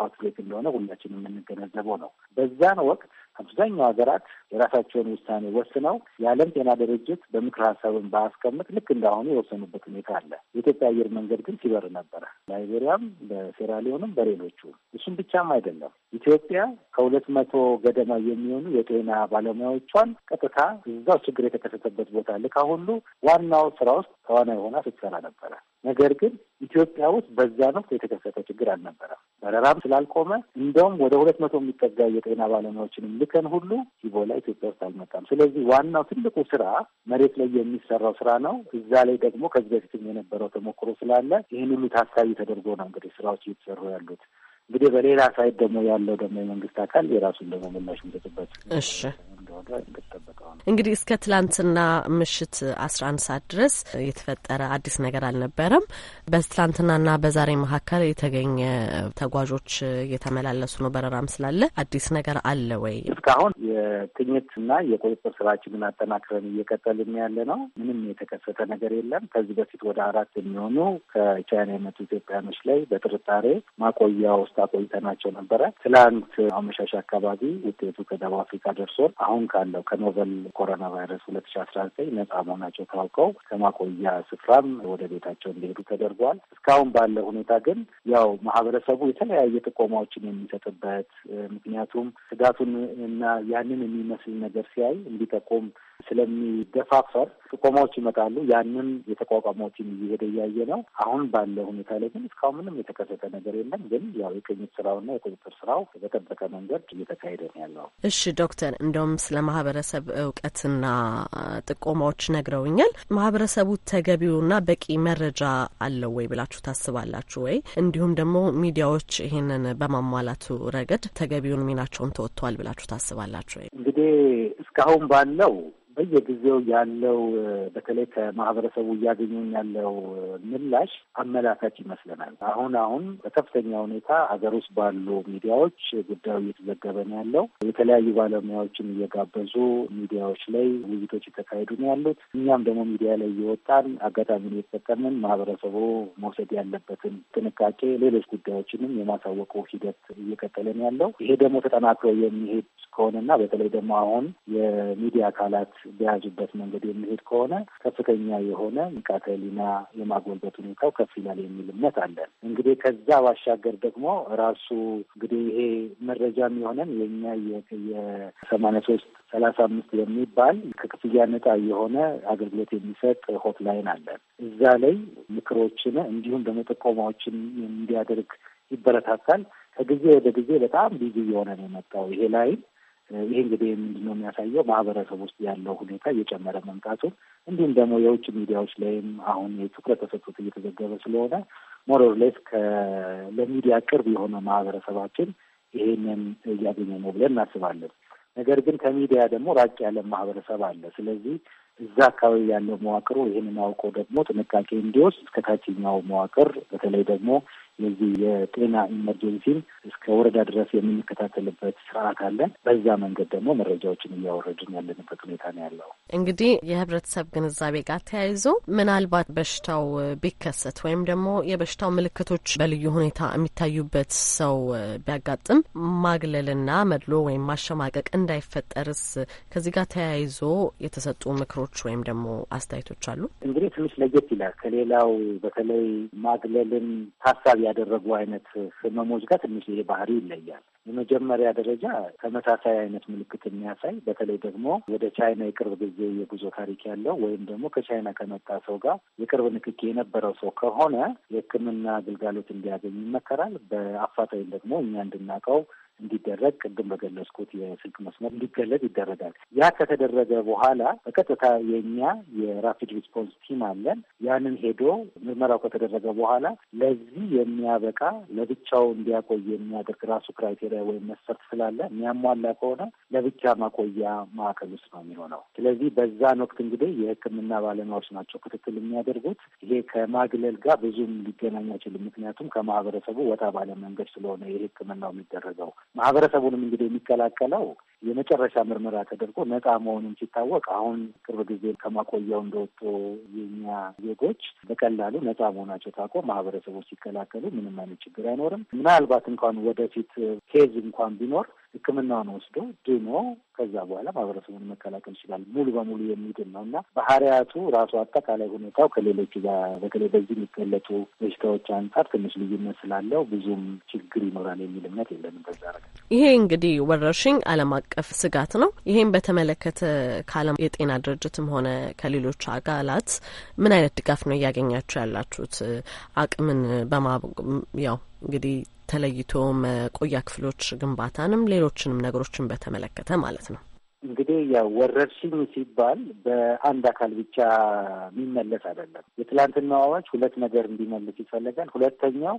አውትብሬክ እንደሆነ ሁላችን የምንገነዘበው ነው። በዛን ወቅት አብዛኛው ሀገራት የራሳቸውን ውሳኔ ወስነው የዓለም ጤና ድርጅት በምክር ሀሳብን በአስቀምጥ ልክ እንዳሁኑ የወሰኑበት ሁኔታ አለ። የኢትዮጵያ አየር መንገድ ግን ሲበር ነበረ። ላይቤሪያም፣ በሴራሊዮንም በሌሎቹ። እሱም ብቻም አይደለም። ኢትዮጵያ ከሁለት መቶ ገደማ የሚሆኑ የጤና ባለሙያዎቿን ቀጥታ እዛው ችግር የተከሰተበት ቦታ ልካ ሁሉ ዋናው ስራ ውስጥ ተዋና የሆና ስትሰራ ነበረ። ነገር ግን ኢትዮጵያ ውስጥ በዛ ወቅት የተከሰተ ችግር አልነበረም። በረራም ስላልቆመ እንደውም ወደ ሁለት መቶ የሚጠጋ የጤና ባለሙያዎችንም ልከን ሁሉ ኢቦላ ኢትዮጵያ ውስጥ አልመጣም። ስለዚህ ዋናው ትልቁ ስራ መሬት ላይ የሚሰራው ስራ ነው። እዛ ላይ ደግሞ ከዚህ በፊትም የነበረው ተሞክሮ ስላለ ይህን ሁሉ ታሳቢ ተደርጎ ነው እንግዲህ ስራዎች እየተሰሩ ያሉት። እንግዲህ በሌላ ሳይት ደግሞ ያለው ደግሞ የመንግስት አካል የራሱን ደግሞ ምላሽ የሚሰጥበት እሺ እንደሆነ እንደተጠበቀው ነው። እንግዲህ እስከ ትላንትና ምሽት አስራ አንድ ሰዓት ድረስ የተፈጠረ አዲስ ነገር አልነበረም። በትላንትናና በዛሬ መካከል የተገኘ ተጓዦች እየተመላለሱ ነው። በረራም ስላለ አዲስ ነገር አለ ወይ? እስካሁን የትኝትና የቁጥጥር ስራችንን አጠናክረን እየቀጠልን ያለ ነው። ምንም የተከሰተ ነገር የለም። ከዚህ በፊት ወደ አራት የሚሆኑ ከቻይና የመጡ ኢትዮጵያኖች ላይ በጥርጣሬ ማቆያ ውስጥ አቆይተናቸው ነበረ። ትላንት አመሻሽ አካባቢ ውጤቱ ከደቡብ አፍሪካ ደርሶ አሁን አሁን ካለው ከኖቨል ኮሮና ቫይረስ ሁለት ሺ አስራ ዘጠኝ ነጻ መሆናቸው ታውቀው ከማቆያ ስፍራም ወደ ቤታቸው እንዲሄዱ ተደርጓል። እስካሁን ባለ ሁኔታ ግን ያው ማህበረሰቡ የተለያየ ጥቆማዎችን የሚሰጥበት ምክንያቱም ስጋቱን እና ያንን የሚመስል ነገር ሲያይ እንዲጠቁም ስለሚደፋፈር ጥቆማዎች ይመጣሉ። ያንን የተቋቋሞችን እየሄደ እያየ ነው። አሁን ባለ ሁኔታ ላይ ግን እስካሁን ምንም የተከሰተ ነገር የለም። ግን ያው የቅኝት ስራውና የቁጥጥር ስራው በጠበቀ መንገድ እየተካሄደ ነው ያለው። እሺ ዶክተር እንደውም ስለ ማህበረሰብ እውቀትና ጥቆማዎች ነግረውኛል። ማህበረሰቡ ተገቢውና በቂ መረጃ አለው ወይ ብላችሁ ታስባላችሁ ወይ? እንዲሁም ደግሞ ሚዲያዎች ይህንን በማሟላቱ ረገድ ተገቢውን ሚናቸውን ተወጥተዋል ብላችሁ ታስባላችሁ ወይ? እንግዲህ እስካሁን ባለው በየጊዜው ያለው በተለይ ከማህበረሰቡ እያገኙን ያለው ምላሽ አመላካች ይመስለናል። አሁን አሁን በከፍተኛ ሁኔታ ሀገር ውስጥ ባሉ ሚዲያዎች ጉዳዩ እየተዘገበ ነው ያለው። የተለያዩ ባለሙያዎችን እየጋበዙ ሚዲያዎች ላይ ውይይቶች የተካሄዱ ነው ያሉት። እኛም ደግሞ ሚዲያ ላይ እየወጣን አጋጣሚን እየተጠቀምን ማህበረሰቡ መውሰድ ያለበትን ጥንቃቄ፣ ሌሎች ጉዳዮችንም የማሳወቀው ሂደት እየቀጠለ ነው ያለው። ይሄ ደግሞ ተጠናክሮ የሚሄድ ከሆነና በተለይ ደግሞ አሁን የሚዲያ አካላት በያዙበት መንገድ የሚሄድ ከሆነ ከፍተኛ የሆነ ንቃተ ህሊና የማጎልበት ሁኔታው ከፍ ይላል የሚል እምነት አለን። እንግዲህ ከዛ ባሻገር ደግሞ ራሱ እንግዲህ ይሄ መረጃ የሚሆነን የእኛ የሰማንያ ሶስት ሰላሳ አምስት የሚባል ከክፍያ ነጻ የሆነ አገልግሎት የሚሰጥ ሆትላይን አለን። እዛ ላይ ምክሮችን እንዲሁም በመጠቆማዎችን እንዲያደርግ ይበረታታል። ከጊዜ ወደ ጊዜ በጣም ቢዚ እየሆነ ነው የመጣው ይሄ ላይን ይሄ እንግዲህ ምንድነው የሚያሳየው ማህበረሰብ ውስጥ ያለው ሁኔታ እየጨመረ መምጣቱን እንዲሁም ደግሞ የውጭ ሚዲያዎች ላይም አሁን የትኩረት ተሰጥቶት እየተዘገበ ስለሆነ ሞሮር ሌስ ለሚዲያ ቅርብ የሆነ ማህበረሰባችን ይሄንን እያገኘ ነው ብለን እናስባለን። ነገር ግን ከሚዲያ ደግሞ ራቅ ያለ ማህበረሰብ አለ። ስለዚህ እዛ አካባቢ ያለው መዋቅሩ ይህንን አውቀ ደግሞ ጥንቃቄ እንዲወስድ ከታችኛው መዋቅር በተለይ ደግሞ ስለዚህ የጤና ኢመርጀንሲን እስከ ወረዳ ድረስ የምንከታተልበት ስርዓት አለን። በዛ መንገድ ደግሞ መረጃዎችን እያወረድን ያለንበት ሁኔታ ነው ያለው። እንግዲህ የህብረተሰብ ግንዛቤ ጋር ተያይዞ ምናልባት በሽታው ቢከሰት ወይም ደግሞ የበሽታው ምልክቶች በልዩ ሁኔታ የሚታዩበት ሰው ቢያጋጥም ማግለልና መድሎ ወይም ማሸማቀቅ እንዳይፈጠርስ ከዚህ ጋር ተያይዞ የተሰጡ ምክሮች ወይም ደግሞ አስተያየቶች አሉ። እንግዲህ ትንሽ ለየት ይላል ከሌላው በተለይ ማግለልን ታሳቢ ያደረጉ አይነት ህመሞች ጋር ትንሽ ይሄ ባህሪ ይለያል። የመጀመሪያ ደረጃ ተመሳሳይ አይነት ምልክት የሚያሳይ በተለይ ደግሞ ወደ ቻይና የቅርብ ጊዜ የጉዞ ታሪክ ያለው ወይም ደግሞ ከቻይና ከመጣ ሰው ጋር የቅርብ ንክኪ የነበረው ሰው ከሆነ የሕክምና አገልጋሎት እንዲያገኝ ይመከራል። በአፋጣኝ ደግሞ እኛ እንድናውቀው እንዲደረግ ቅድም በገለጽኩት የስልክ መስመር እንዲገለጽ ይደረጋል። ያ ከተደረገ በኋላ በቀጥታ የእኛ የራፒድ ሪስፖንስ ቲም አለን። ያንን ሄዶ ምርመራው ከተደረገ በኋላ ለዚህ የሚያበቃ ለብቻው እንዲያቆይ የሚያደርግ ራሱ ክራይቴሪያ ወይም መስፈርት ስላለ የሚያሟላ ከሆነ ለብቻ ማቆያ ማዕከል ውስጥ ነው የሚሆነው። ስለዚህ በዛን ወቅት እንግዲህ የሕክምና ባለሙያዎች ናቸው ክትትል የሚያደርጉት። ይሄ ከማግለል ጋር ብዙም ሊገናኝ አይችልም። ምክንያቱም ከማህበረሰቡ ወጣ ባለ መንገድ ስለሆነ የሕክምናው የሚደረገው ማህበረሰቡንም እንግዲህ የሚከላከለው የመጨረሻ ምርመራ ተደርጎ ነፃ መሆኑን ሲታወቅ አሁን ቅርብ ጊዜ ከማቆያው እንደወጡ የኛ ዜጎች በቀላሉ ነፃ መሆናቸው ታውቆ ማህበረሰቡ ሲከላከሉ ምንም አይነት ችግር አይኖርም። ምናልባት እንኳን ወደፊት ኬዝ እንኳን ቢኖር ሕክምናውን ወስዶ ድኖ ከዛ በኋላ ማህበረሰቡን መከላከል ይችላል። ሙሉ በሙሉ የሚድን ነው እና ባህሪያቱ ራሱ አጠቃላይ ሁኔታው ከሌሎቹ ጋር በተለይ በዚህ የሚገለጡ በሽታዎች አንጻር ትንሽ ልዩነት ስላለው ብዙም ችግር ይኖራል የሚል እምነት የለንም። በዛ ረገድ ይሄ እንግዲህ ወረርሽኝ ዓለም አቀፍ ስጋት ነው። ይሄን በተመለከተ ከዓለም የጤና ድርጅትም ሆነ ከሌሎች አካላት ምን አይነት ድጋፍ ነው እያገኛችሁ ያላችሁት? አቅምን በማ ያው እንግዲህ ተለይቶ መቆያ ክፍሎች ግንባታንም ሌሎችንም ነገሮችን በተመለከተ ማለት ነው። እንግዲህ ያው ወረርሽኝ ሲባል በአንድ አካል ብቻ የሚመለስ አይደለም። የትላንትናው አዋጅ ሁለት ነገር እንዲመልስ ይፈለጋል። ሁለተኛው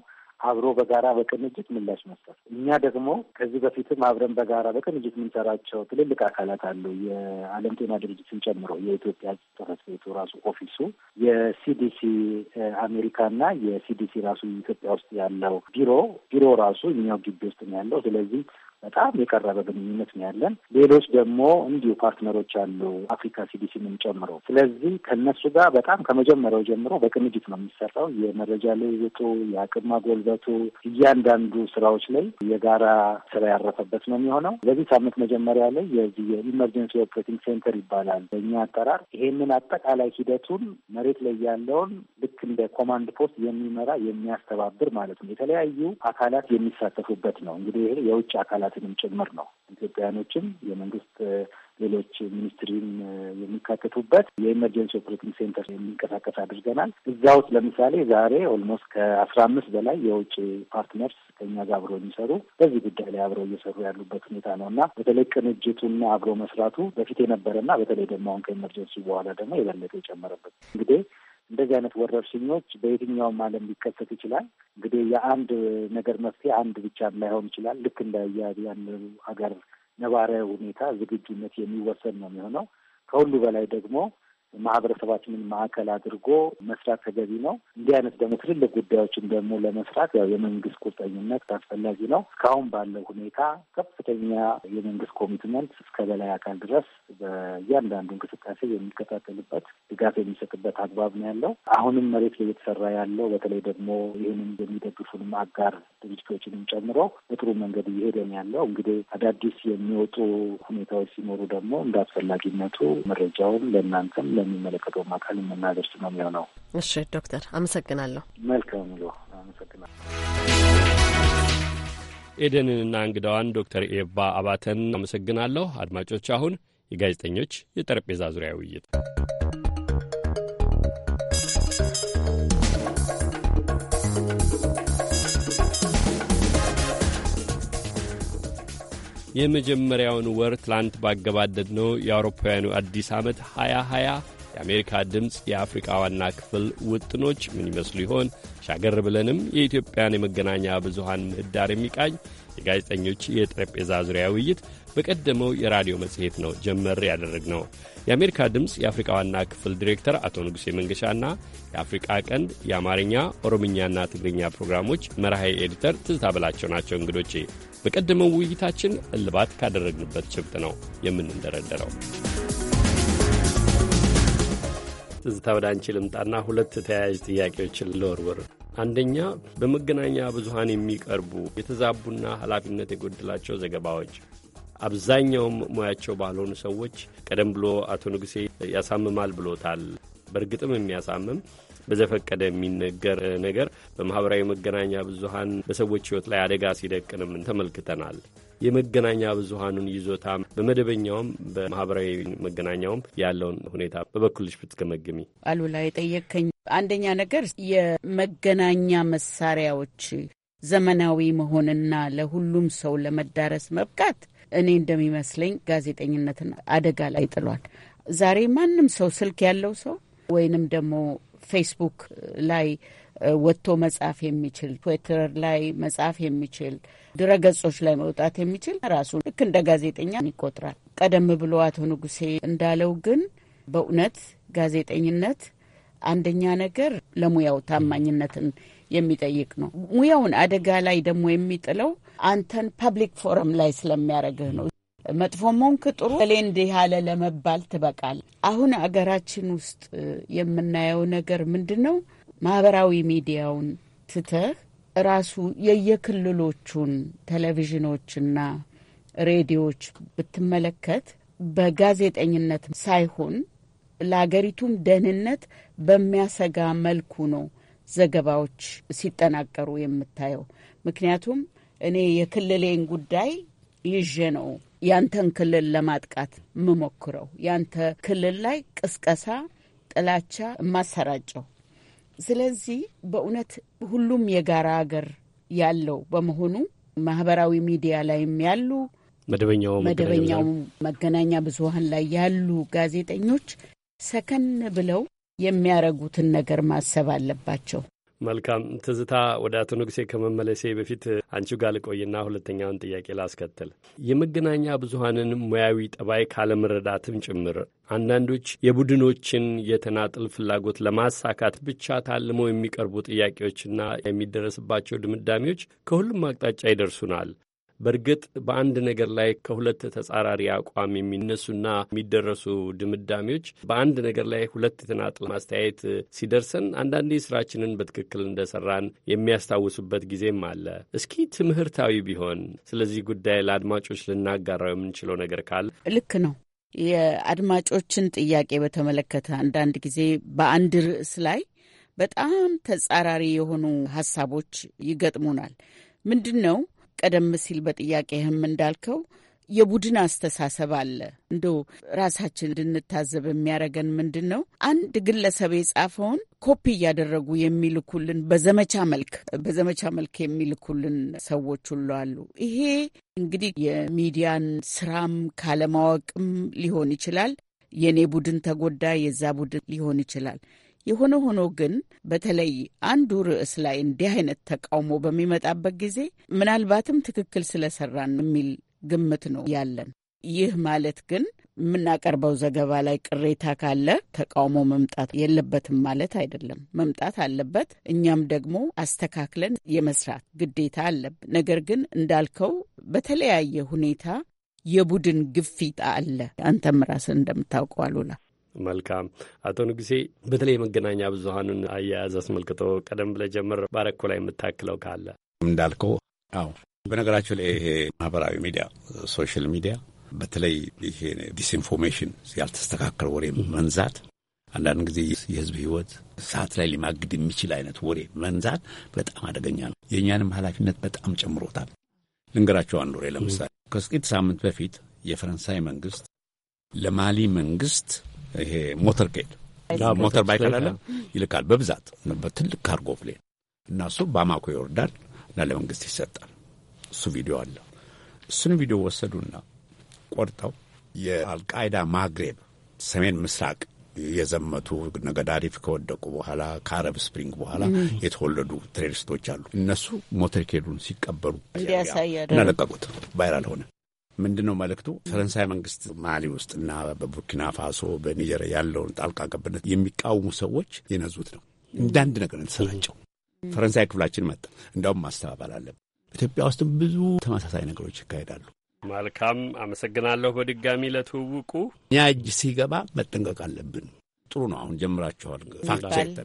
አብሮ በጋራ በቅንጅት ምላሽ መስጠት። እኛ ደግሞ ከዚህ በፊትም አብረን በጋራ በቅንጅት የምንሰራቸው ትልልቅ አካላት አሉ። የዓለም ጤና ድርጅትን ጨምሮ የኢትዮጵያ ጽሕፈት ቤቱ ራሱ ኦፊሱ፣ የሲዲሲ አሜሪካና የሲዲሲ ራሱ ኢትዮጵያ ውስጥ ያለው ቢሮ ቢሮ ራሱ እኛው ግቢ ውስጥ ነው ያለው። ስለዚህ በጣም የቀረበ ግንኙነት ነው ያለን። ሌሎች ደግሞ እንዲሁ ፓርትነሮች አሉ አፍሪካ ሲዲሲንም ጨምሮ። ስለዚህ ከነሱ ጋር በጣም ከመጀመሪያው ጀምሮ በቅንጅት ነው የሚሰራው። የመረጃ ልውውጡ፣ የአቅም ማጎልበቱ፣ እያንዳንዱ ስራዎች ላይ የጋራ ስራ ያረፈበት ነው የሚሆነው። በዚህ ሳምንት መጀመሪያ ላይ የዚህ የኢመርጀንሲ ኦፕሬቲንግ ሴንተር ይባላል በእኛ አጠራር። ይሄንን አጠቃላይ ሂደቱን መሬት ላይ ያለውን ልክ እንደ ኮማንድ ፖስት የሚመራ የሚያስተባብር ማለት ነው። የተለያዩ አካላት የሚሳተፉበት ነው። እንግዲህ ይሄ የውጭ አካላት አካላትንም ጭምር ነው። ኢትዮጵያውያኖችም የመንግስት ሌሎች ሚኒስትሪም የሚካተቱበት የኢመርጀንሲ ኦፕሬቲንግ ሴንተር የሚንቀሳቀስ አድርገናል። እዛ ውስጥ ለምሳሌ ዛሬ ኦልሞስት ከአስራ አምስት በላይ የውጭ ፓርትነርስ ከኛ ጋር አብረው የሚሰሩ በዚህ ጉዳይ ላይ አብረው እየሰሩ ያሉበት ሁኔታ ነው እና በተለይ ቅንጅቱና አብሮ መስራቱ በፊት የነበረና በተለይ ደግሞ አሁን ከኤመርጀንሲ በኋላ ደግሞ የበለጠ የጨመረበት እንግዲህ እንደዚህ አይነት ወረርሽኞች በየትኛውም ዓለም ሊከሰት ይችላል። እንግዲህ የአንድ ነገር መፍትሄ አንድ ብቻ ላይሆን ይችላል። ልክ እንደ ያን ሀገር ነባራዊ ሁኔታ ዝግጁነት የሚወሰን ነው የሚሆነው። ከሁሉ በላይ ደግሞ ማህበረሰባችንን ማዕከል አድርጎ መስራት ተገቢ ነው። እንዲህ አይነት ደግሞ ትልልቅ ጉዳዮችን ደግሞ ለመስራት ያው የመንግስት ቁርጠኝነት አስፈላጊ ነው። እስካሁን ባለው ሁኔታ ከፍተኛ የመንግስት ኮሚትመንት እስከ በላይ አካል ድረስ በእያንዳንዱ እንቅስቃሴ የሚከታተልበት ድጋፍ የሚሰጥበት አግባብ ነው ያለው። አሁንም መሬት ላይ እየተሰራ ያለው በተለይ ደግሞ ይህንን የሚደግፉንም አጋር ድርጅቶችንም ጨምሮ በጥሩ መንገድ እየሄደ ነው ያለው። እንግዲህ አዳዲስ የሚወጡ ሁኔታዎች ሲኖሩ ደግሞ እንደ አስፈላጊነቱ መረጃውን ለእናንተም ለሚመለከተውም አካል የምናደርስ ነው የሚሆነው። እሺ ዶክተር አመሰግናለሁ። መልካም ሎ አመሰግናለሁ። ኤደንንና እንግዳዋን ዶክተር ኤባ አባተን አመሰግናለሁ። አድማጮች አሁን የጋዜጠኞች የጠረጴዛ ዙሪያ ውይይት የመጀመሪያውን ወር ትላንት ባገባደድ ነው የአውሮፓውያኑ አዲስ ዓመት 2020 የአሜሪካ ድምፅ የአፍሪቃ ዋና ክፍል ውጥኖች ምን ይመስሉ ይሆን? ሻገር ብለንም የኢትዮጵያን የመገናኛ ብዙሃን ምህዳር የሚቃኝ የጋዜጠኞች የጠረጴዛ ዙሪያ ውይይት በቀደመው የራዲዮ መጽሔት ነው ጀመር ነው። የአሜሪካ ድምፅ የአፍሪቃ ዋና ክፍል ዲሬክተር አቶ ንጉሴ መንገሻና የአፍሪቃ ቀንድ የአማርኛ ኦሮምኛና ትግርኛ ፕሮግራሞች መርሃ ኤዲተር ትዝታ በላቸው ናቸው እንግዶቼ። በቀደመው ውይይታችን እልባት ካደረግንበት ጭብጥ ነው የምንደረደረው። ትዝታ ወደ አንቺ ልምጣና ሁለት ተያያዥ ጥያቄዎችን ልወርውር። አንደኛ በመገናኛ ብዙሃን የሚቀርቡ የተዛቡና ኃላፊነት የጎደላቸው ዘገባዎች አብዛኛውም ሙያቸው ባልሆኑ ሰዎች ቀደም ብሎ አቶ ንጉሴ ያሳምማል ብሎታል። በእርግጥም የሚያሳምም በዘፈቀደ የሚነገር ነገር በማህበራዊ መገናኛ ብዙሀን በሰዎች ህይወት ላይ አደጋ ሲደቅንም ተመልክተናል። የመገናኛ ብዙሀኑን ይዞታ በመደበኛውም በማህበራዊ መገናኛውም ያለውን ሁኔታ በበኩልሽ ብትገመግሚ። አሉላ የጠየከኝ አንደኛ ነገር የመገናኛ መሳሪያዎች ዘመናዊ መሆንና ለሁሉም ሰው ለመዳረስ መብቃት እኔ እንደሚመስለኝ ጋዜጠኝነትን አደጋ ላይ ጥሏል። ዛሬ ማንም ሰው ስልክ ያለው ሰው ወይንም ደግሞ ፌስቡክ ላይ ወጥቶ መጻፍ የሚችል ትዊተር ላይ መጻፍ የሚችል ድረገጾች ላይ መውጣት የሚችል ራሱ ልክ እንደ ጋዜጠኛ ይቆጥራል። ቀደም ብሎ አቶ ንጉሴ እንዳለው ግን በእውነት ጋዜጠኝነት አንደኛ ነገር ለሙያው ታማኝነትን የሚጠይቅ ነው። ሙያውን አደጋ ላይ ደግሞ የሚጥለው አንተን ፐብሊክ ፎረም ላይ ስለሚያደርግህ ነው። መጥፎም ሆንክ ጥሩ እሌ እንዲህ ያለ ለመባል ትበቃል። አሁን አገራችን ውስጥ የምናየው ነገር ምንድን ነው? ማህበራዊ ሚዲያውን ትተህ ራሱ የየክልሎቹን ቴሌቪዥኖችና ሬዲዮዎች ብትመለከት በጋዜጠኝነት ሳይሆን ለአገሪቱም ደህንነት በሚያሰጋ መልኩ ነው ዘገባዎች ሲጠናቀሩ የምታየው። ምክንያቱም እኔ የክልሌን ጉዳይ ይዤ ነው ያንተን ክልል ለማጥቃት የምሞክረው ያንተ ክልል ላይ ቅስቀሳ፣ ጥላቻ የማሰራጨው። ስለዚህ በእውነት ሁሉም የጋራ ሀገር ያለው በመሆኑ ማህበራዊ ሚዲያ ላይም ያሉ መደበኛው መገናኛ ብዙሀን ላይ ያሉ ጋዜጠኞች ሰከን ብለው የሚያረጉትን ነገር ማሰብ አለባቸው። መልካም ትዝታ፣ ወደ አቶ ንጉሴ ከመመለሴ በፊት አንቺ ጋር ልቆይና ሁለተኛውን ጥያቄ ላስከትል። የመገናኛ ብዙሀንን ሙያዊ ጠባይ ካለመረዳትም ጭምር አንዳንዶች የቡድኖችን የተናጥል ፍላጎት ለማሳካት ብቻ ታልመው የሚቀርቡ ጥያቄዎችና የሚደረስባቸው ድምዳሜዎች ከሁሉም አቅጣጫ ይደርሱናል። በእርግጥ በአንድ ነገር ላይ ከሁለት ተጻራሪ አቋም የሚነሱና የሚደረሱ ድምዳሜዎች በአንድ ነገር ላይ ሁለት የተናጠል ማስተያየት ሲደርሰን አንዳንዴ ስራችንን በትክክል እንደሰራን የሚያስታውሱበት ጊዜም አለ። እስኪ ትምህርታዊ ቢሆን ስለዚህ ጉዳይ ለአድማጮች ልናጋራው የምንችለው ነገር ካለ ልክ ነው። የአድማጮችን ጥያቄ በተመለከተ አንዳንድ ጊዜ በአንድ ርዕስ ላይ በጣም ተጻራሪ የሆኑ ሀሳቦች ይገጥሙናል። ምንድን ነው ቀደም ሲል በጥያቄህም እንዳልከው የቡድን አስተሳሰብ አለ። እንዶ ራሳችን እንድንታዘብ የሚያደርገን ምንድን ነው? አንድ ግለሰብ የጻፈውን ኮፒ እያደረጉ የሚልኩልን በዘመቻ መልክ በዘመቻ መልክ የሚልኩልን ሰዎች ሁሉ አሉ። ይሄ እንግዲህ የሚዲያን ስራም ካለማወቅም ሊሆን ይችላል። የእኔ ቡድን ተጎዳ፣ የዛ ቡድን ሊሆን ይችላል። የሆነ ሆኖ ግን በተለይ አንዱ ርዕስ ላይ እንዲህ አይነት ተቃውሞ በሚመጣበት ጊዜ ምናልባትም ትክክል ስለሰራን የሚል ግምት ነው ያለን። ይህ ማለት ግን የምናቀርበው ዘገባ ላይ ቅሬታ ካለ ተቃውሞ መምጣት የለበትም ማለት አይደለም። መምጣት አለበት። እኛም ደግሞ አስተካክለን የመስራት ግዴታ አለብን። ነገር ግን እንዳልከው በተለያየ ሁኔታ የቡድን ግፊት አለ። አንተም ራስን እንደምታውቀው አሉላ መልካም አቶ ንጉሴ በተለይ የመገናኛ ብዙሀንን አያያዝ አስመልክቶ ቀደም ብለህ ጀምር ባረኮ ላይ የምታክለው ካለ እንዳልከው። አዎ በነገራችሁ ላይ ይሄ ማህበራዊ ሚዲያ ሶሻል ሚዲያ በተለይ ይሄ ዲስኢንፎርሜሽን ያልተስተካከለ ወሬ መንዛት አንዳንድ ጊዜ የህዝብ ህይወት ሰዓት ላይ ሊማግድ የሚችል አይነት ወሬ መንዛት በጣም አደገኛ ነው። የእኛንም ኃላፊነት በጣም ጨምሮታል። ልንገራቸው አንድ ወሬ ለምሳሌ ከጥቂት ሳምንት በፊት የፈረንሳይ መንግስት ለማሊ መንግስት ይሄ ሞተር ኬድ ሞተር ባይክ አላለም ይልካል በብዛት በትልቅ ካርጎ ፕሌን እና እሱ በአማኮ ይወርዳል እና ለመንግስት ይሰጣል። እሱ ቪዲዮ አለ። እሱን ቪዲዮ ወሰዱና ቆርጠው የአልቃይዳ ማግሬብ ሰሜን ምስራቅ የዘመቱ ነገዳሪፍ ከወደቁ በኋላ ከአረብ ስፕሪንግ በኋላ የተወለዱ ትሬሪስቶች አሉ። እነሱ ሞተርኬዱን ሲቀበሩ እና ለቀቁት። ቫይራል ሆነ። ምንድን ነው መልእክቱ? ፈረንሳይ መንግስት ማሊ ውስጥና በቡርኪና ፋሶ በኒጀር ያለውን ጣልቃ ገብነት የሚቃወሙ ሰዎች የነዙት ነው። እንዳንድ ነገር የተሰራጨው ፈረንሳይ ክፍላችን መጣ። እንዲያውም ማስተባበል አለብን። ኢትዮጵያ ውስጥም ብዙ ተመሳሳይ ነገሮች ይካሄዳሉ። መልካም አመሰግናለሁ። በድጋሚ ለትውውቁ እኛ እጅ ሲገባ መጠንቀቅ አለብን። ጥሩ ነው። አሁን ጀምራችኋል። ፋክት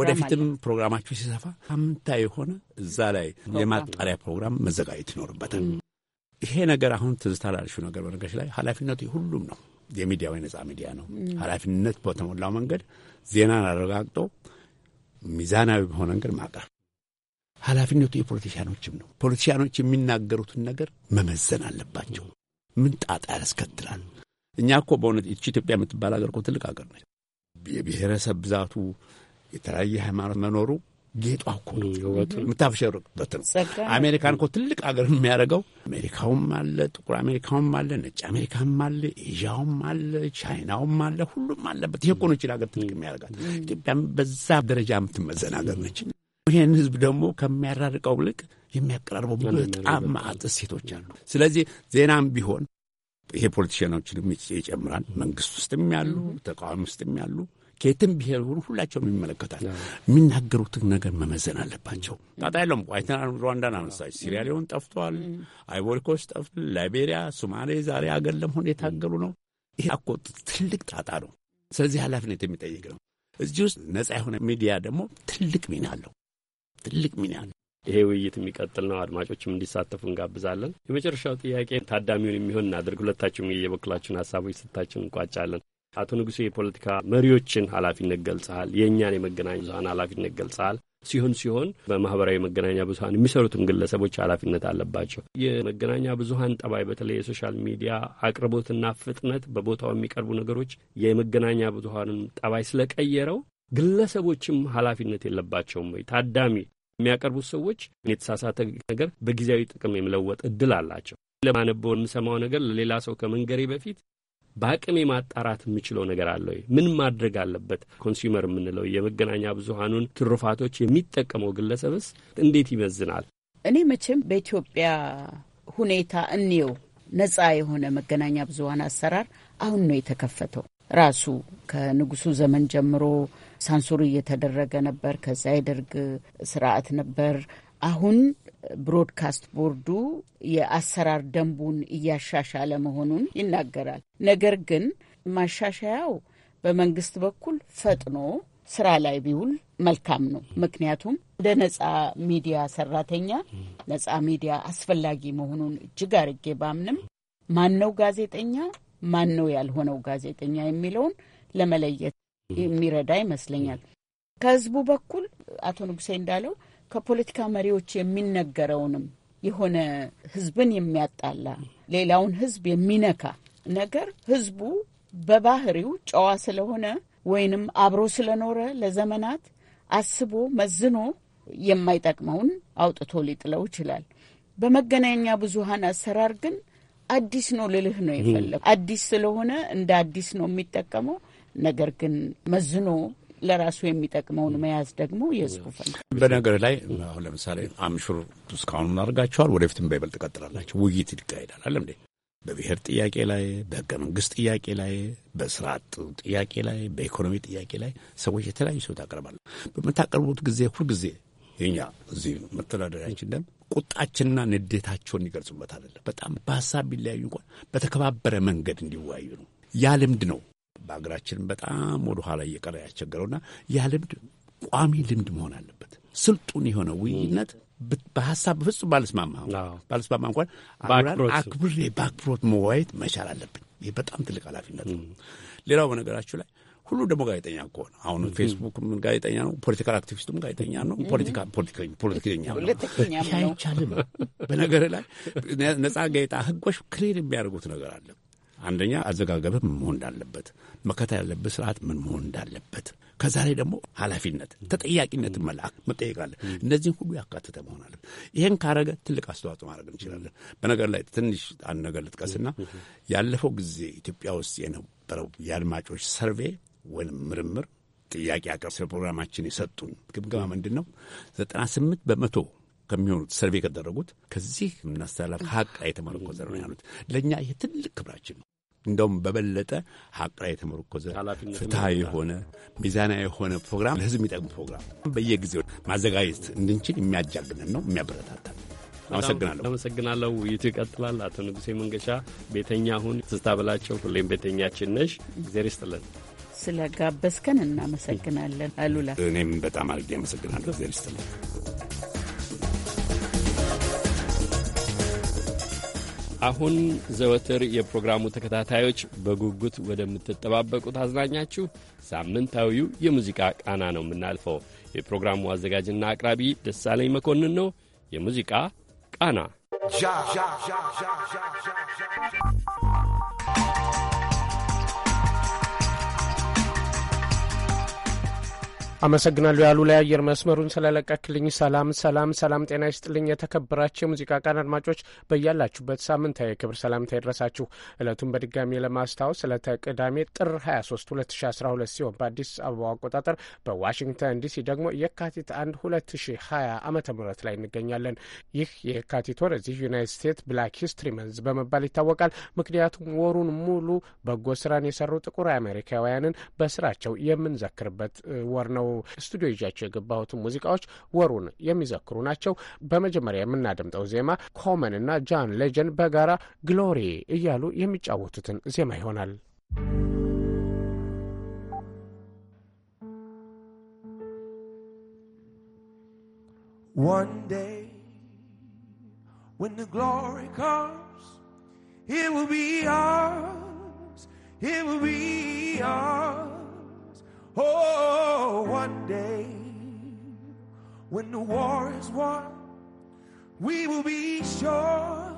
ወደፊትም ፕሮግራማችሁ ሲሰፋ ሳምንታ የሆነ እዛ ላይ የማጣሪያ ፕሮግራም መዘጋጀት ይኖርበታል። ይሄ ነገር አሁን ትዝታ ላልሽው ነገር በነገርሽ ላይ ኃላፊነቱ ሁሉም ነው። የሚዲያው የነጻ ሚዲያ ነው። ኃላፊነት በተሞላው መንገድ ዜናን አረጋግጦ ሚዛናዊ በሆነ መንገድ ማቅረብ ኃላፊነቱ የፖለቲሽያኖችም ነው። ፖለቲሽያኖች የሚናገሩትን ነገር መመዘን አለባቸው። ምን ጣጣ ያስከትላል? እኛ እኮ በእውነት እቺ ኢትዮጵያ የምትባል አገር እኮ ትልቅ አገር ነች። የብሔረሰብ ብዛቱ የተለያየ ሃይማኖት መኖሩ ጌጧ እኮ ነው የምታፈሸርቅበት ነው። አሜሪካን እኮ ትልቅ አገር የሚያደርገው አሜሪካውም አለ፣ ጥቁር አሜሪካውም አለ፣ ነጭ አሜሪካም አለ፣ ኤዥያውም አለ፣ ቻይናውም አለ፣ ሁሉም አለበት። ይሄ እኮ ነው ይችል አገር ትልቅ የሚያደርጋት። ኢትዮጵያም በዛ ደረጃ የምትመዘን አገር ነች። ይህን ህዝብ ደግሞ ከሚያራርቀው ልቅ የሚያቀራርበው በጣም ማዕት እሴቶች አሉ። ስለዚህ ዜናም ቢሆን ይሄ ፖለቲሽኖችንም ይጨምራል። መንግስት ውስጥም ያሉ ተቃዋሚ ውስጥም ያሉ ከየትም ብሔር ሆኑ ሁላቸውም ይመለከታል። የሚናገሩትን ነገር መመዘን አለባቸው። ጣጣ የለም ቋይትና ሩዋንዳን አነሳች። ሲሪያ ሊሆን ጠፍቷል። አይቮሪኮስ ጠፍ፣ ላይቤሪያ፣ ሱማሌ ዛሬ አገር ለመሆን የታገሉ ነው። ይሄ እኮ ትልቅ ጣጣ ነው። ስለዚህ ኃላፊነት የሚጠይቅ ነው። እዚህ ውስጥ ነጻ የሆነ ሚዲያ ደግሞ ትልቅ ሚና አለው። ትልቅ ሚና አለው። ይሄ ውይይት የሚቀጥል ነው። አድማጮችም እንዲሳተፉ እንጋብዛለን። የመጨረሻው ጥያቄ ታዳሚውን የሚሆን እናድርግ። ሁለታችሁም የየበኩላችሁን ሀሳቦች ስታችን እንቋጫለን። አቶ ንጉሴ የፖለቲካ መሪዎችን ኃላፊነት ገልጸሃል። የእኛን የመገናኛ ብዙሀን ኃላፊነት ገልጸሃል። ሲሆን ሲሆን በማህበራዊ መገናኛ ብዙሀን የሚሰሩትም ግለሰቦች ኃላፊነት አለባቸው። የመገናኛ ብዙሀን ጠባይ፣ በተለይ የሶሻል ሚዲያ አቅርቦትና ፍጥነት፣ በቦታው የሚቀርቡ ነገሮች የመገናኛ ብዙሀንን ጠባይ ስለቀየረው ግለሰቦችም ኃላፊነት የለባቸውም ወይ? ታዳሚ የሚያቀርቡት ሰዎች የተሳሳተ ነገር በጊዜያዊ ጥቅም የመለወጥ እድል አላቸው። ለማነበው የምሰማው ነገር ለሌላ ሰው ከመንገሬ በፊት በአቅሜ ማጣራት የምችለው ነገር አለ ወይ? ምን ማድረግ አለበት? ኮንሱመር የምንለው የመገናኛ ብዙሀኑን ትሩፋቶች የሚጠቀመው ግለሰብስ እንዴት ይመዝናል? እኔ መቼም በኢትዮጵያ ሁኔታ እንየው ነጻ የሆነ መገናኛ ብዙሀን አሰራር አሁን ነው የተከፈተው። ራሱ ከንጉሱ ዘመን ጀምሮ ሳንሱር እየተደረገ ነበር። ከዛ የደርግ ስርዓት ነበር። አሁን ብሮድካስት ቦርዱ የአሰራር ደንቡን እያሻሻለ መሆኑን ይናገራል። ነገር ግን ማሻሻያው በመንግስት በኩል ፈጥኖ ስራ ላይ ቢውል መልካም ነው። ምክንያቱም እንደ ነጻ ሚዲያ ሰራተኛ ነጻ ሚዲያ አስፈላጊ መሆኑን እጅግ አርጌ ባምንም ማን ነው ጋዜጠኛ፣ ማን ነው ያልሆነው ጋዜጠኛ የሚለውን ለመለየት የሚረዳ ይመስለኛል። ከህዝቡ በኩል አቶ ንጉሴ እንዳለው ከፖለቲካ መሪዎች የሚነገረውንም የሆነ ህዝብን የሚያጣላ ሌላውን ህዝብ የሚነካ ነገር ህዝቡ በባህሪው ጨዋ ስለሆነ ወይንም አብሮ ስለኖረ ለዘመናት አስቦ መዝኖ የማይጠቅመውን አውጥቶ ሊጥለው ይችላል። በመገናኛ ብዙሃን አሰራር ግን አዲስ ነው ልልህ ነው የፈለግ አዲስ ስለሆነ እንደ አዲስ ነው የሚጠቀመው። ነገር ግን መዝኖ ለራሱ የሚጠቅመውን መያዝ ደግሞ የህዝቡ ፈንታ። በነገር ላይ አሁን ለምሳሌ አምሹር እስካሁን እናደርጋቸዋል ወደፊትም በይበልጥ ቀጥላላቸው ውይይት ይካሄዳል አለ እንዴ በብሔር ጥያቄ ላይ፣ በህገ መንግስት ጥያቄ ላይ፣ በስርዓት ጥያቄ ላይ፣ በኢኮኖሚ ጥያቄ ላይ ሰዎች የተለያዩ ሰው ታቀርባለ። በምታቀርቡት ጊዜ ሁልጊዜ የኛ እዚህ መተዳደሪያችን ደም ቁጣችንና ንዴታቸውን ይገልጹበት አይደለም። በጣም በሀሳብ ቢለያዩ እንኳን በተከባበረ መንገድ እንዲወያዩ ነው። ያ ልምድ ነው በሀገራችን በጣም ወደ ኋላ እየቀረ ያስቸገረውና ያ ልምድ ቋሚ ልምድ መሆን አለበት። ስልጡን የሆነ ውይይነት በሀሳብ በፍጹም ባልስማማ ባልስማማ እንኳን አክብሬ በአክብሮት መዋየት መቻል አለብኝ። ይህ በጣም ትልቅ ኃላፊነት ነው። ሌላው በነገራችሁ ላይ ሁሉ ደግሞ ጋዜጠኛ ከሆነ አሁን ፌስቡክም ጋዜጠኛ ነው፣ ፖለቲካል አክቲቪስቱም ጋዜጠኛ ነው፣ ፖለቲከኛ ነው። አይቻልም። በነገር ላይ ነጻ ጋዜጣ ህጎች ክሌር የሚያደርጉት ነገር አለ። አንደኛ አዘጋገብህ ምን መሆን እንዳለበት፣ መከታ ያለበት ስርዓት ምን መሆን እንዳለበት፣ ከዛ ላይ ደግሞ ኃላፊነት ተጠያቂነት መልአክ መጠየቃለ እነዚህን ሁሉ ያካተተ መሆን አለ። ይህን ካረገ ትልቅ አስተዋጽኦ ማድረግ እንችላለን። በነገር ላይ ትንሽ አንድ ነገር ልጥቀስና ያለፈው ጊዜ ኢትዮጵያ ውስጥ የነበረው የአድማጮች ሰርቬ ወይም ምርምር ጥያቄ አቅርብ ስለ ፕሮግራማችን የሰጡን ግምገማ ምንድን ነው? ዘጠና ስምንት በመቶ ከሚሆኑት ሰርቬ ከደረጉት ከዚህ የምናስተላልፍ ሀቅ የተመረኮዘ ነው ያሉት። ለእኛ ይህ ትልቅ ክብራችን ነው። እንደውም በበለጠ ሀቅ ላይ የተመረኮዘ ፍትሐዊ የሆነ ሚዛናዊ የሆነ ፕሮግራም፣ ለህዝብ የሚጠቅም ፕሮግራም በየጊዜው ማዘጋጀት እንድንችል የሚያጃግነን ነው የሚያበረታታል። አመሰግናለሁ። አመሰግናለሁ። ውይይቱ ይቀጥላል። አቶ ንጉሴ መንገሻ ቤተኛ ሁን። ትዝታ በላቸው ሁሌም ቤተኛችን ነሽ። እግዜር ይስጥልን። ስለ እናመሰግናለን አሉላ። እኔም በጣም አድርጌ አመሰግናለሁ። እግዜር ይስጥልን። አሁን ዘወትር የፕሮግራሙ ተከታታዮች በጉጉት ወደምትጠባበቁት አዝናኛችሁ ሳምንታዊው የሙዚቃ ቃና ነው የምናልፈው። የፕሮግራሙ አዘጋጅና አቅራቢ ደሳለኝ መኮንን ነው። የሙዚቃ ቃና አመሰግናለሁ ያሉ ላይ አየር መስመሩን ስለለቀክልኝ። ሰላም ሰላም ሰላም፣ ጤና ይስጥልኝ። የተከበራቸው የሙዚቃ ቃን አድማጮች በያላችሁበት ሳምንታዊ የክብር ሰላምታ ይድረሳችሁ። እለቱን በድጋሚ ለማስታወስ ዕለተ ቅዳሜ ጥር 23 2012 ሲሆን በአዲስ አበባ አቆጣጠር፣ በዋሽንግተን ዲሲ ደግሞ የካቲት 1 2020 ዓ ም ላይ እንገኛለን። ይህ የካቲት ወር እዚህ ዩናይት ስቴትስ ብላክ ሂስትሪ መንዝ በመባል ይታወቃል። ምክንያቱም ወሩን ሙሉ በጎ ስራን የሰሩ ጥቁር አሜሪካውያንን በስራቸው የምንዘክርበት ወር ነው። ስቱዲዮ ይዣቸው የገባሁትን ሙዚቃዎች ወሩን የሚዘክሩ ናቸው። በመጀመሪያ የምናደምጠው ዜማ ኮመን እና ጃን ሌጀንድ በጋራ ግሎሪ እያሉ የሚጫወቱትን ዜማ ይሆናል። One day, when the glory comes, it will be ours, it will be ours. Oh, one day when the war is won, we will be sure,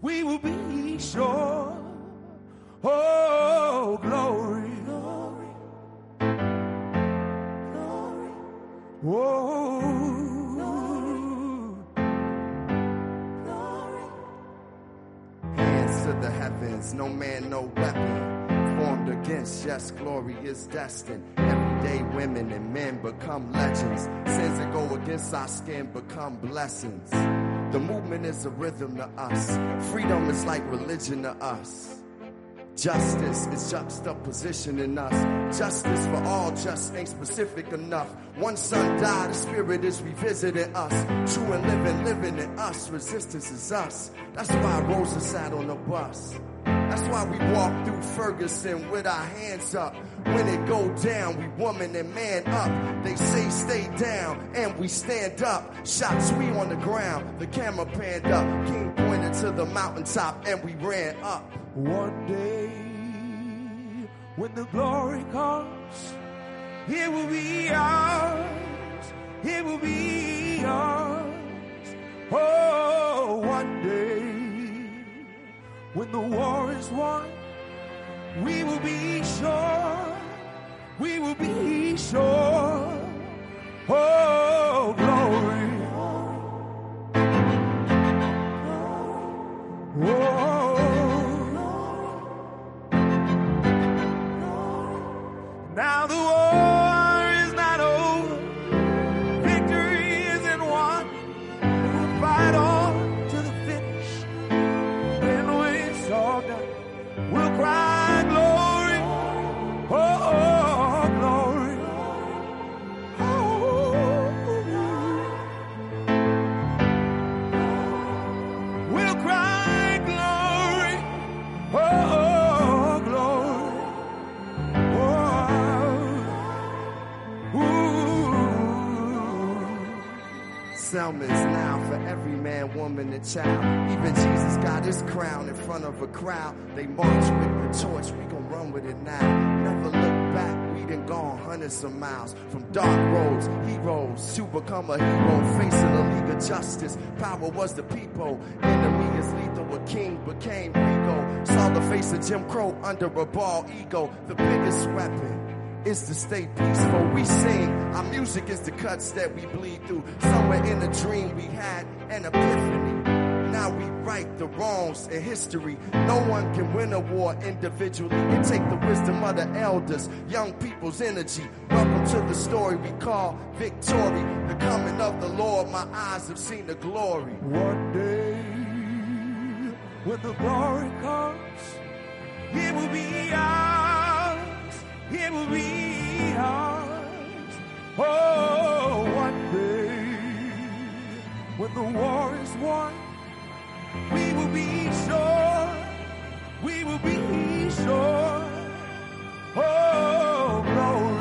we will be sure. Oh, glory, glory, glory. Whoa. Glory. Glory. Hands to the heavens, no man, no weapon formed against. Yes, glory is destined. Everyday women and men become legends. Sins that go against our skin become blessings. The movement is a rhythm to us. Freedom is like religion to us. Justice is juxtaposition in us. Justice for all just ain't specific enough. One son died, the spirit is revisiting us. True and living, living in us. Resistance is us. That's why Rosa sat on the bus. That's why we walk through Ferguson with our hands up. When it go down, we woman and man up. They say stay down, and we stand up. Shots we on the ground, the camera panned up. King pointed to the mountaintop, and we ran up. One day, when the glory comes, it will be ours. It will be ours. Oh, one day when the war is won, we will be sure. We will be sure. Oh, glory. Oh. oh, oh. endowments now for every man, woman, and child. Even Jesus got his crown in front of a crowd. They march with the torch, we gon' run with it now. Never look back, we done gone hundreds of miles. From dark roads, heroes, to become a hero, facing a league of justice. Power was the people, enemy is lethal, a king became ego. Saw the face of Jim Crow under a ball ego, the biggest weapon is to stay peaceful. We sing, our music is the cuts that we bleed through. Somewhere in a dream we had an epiphany. Now we right the wrongs in history. No one can win a war individually. It take the wisdom of the elders, young people's energy. Welcome to the story we call victory. The coming of the Lord, my eyes have seen the glory. One day, when the glory comes, it will be ours it will be ours. Oh, one day when the war is won, we will be sure, we will be sure. Oh, glory.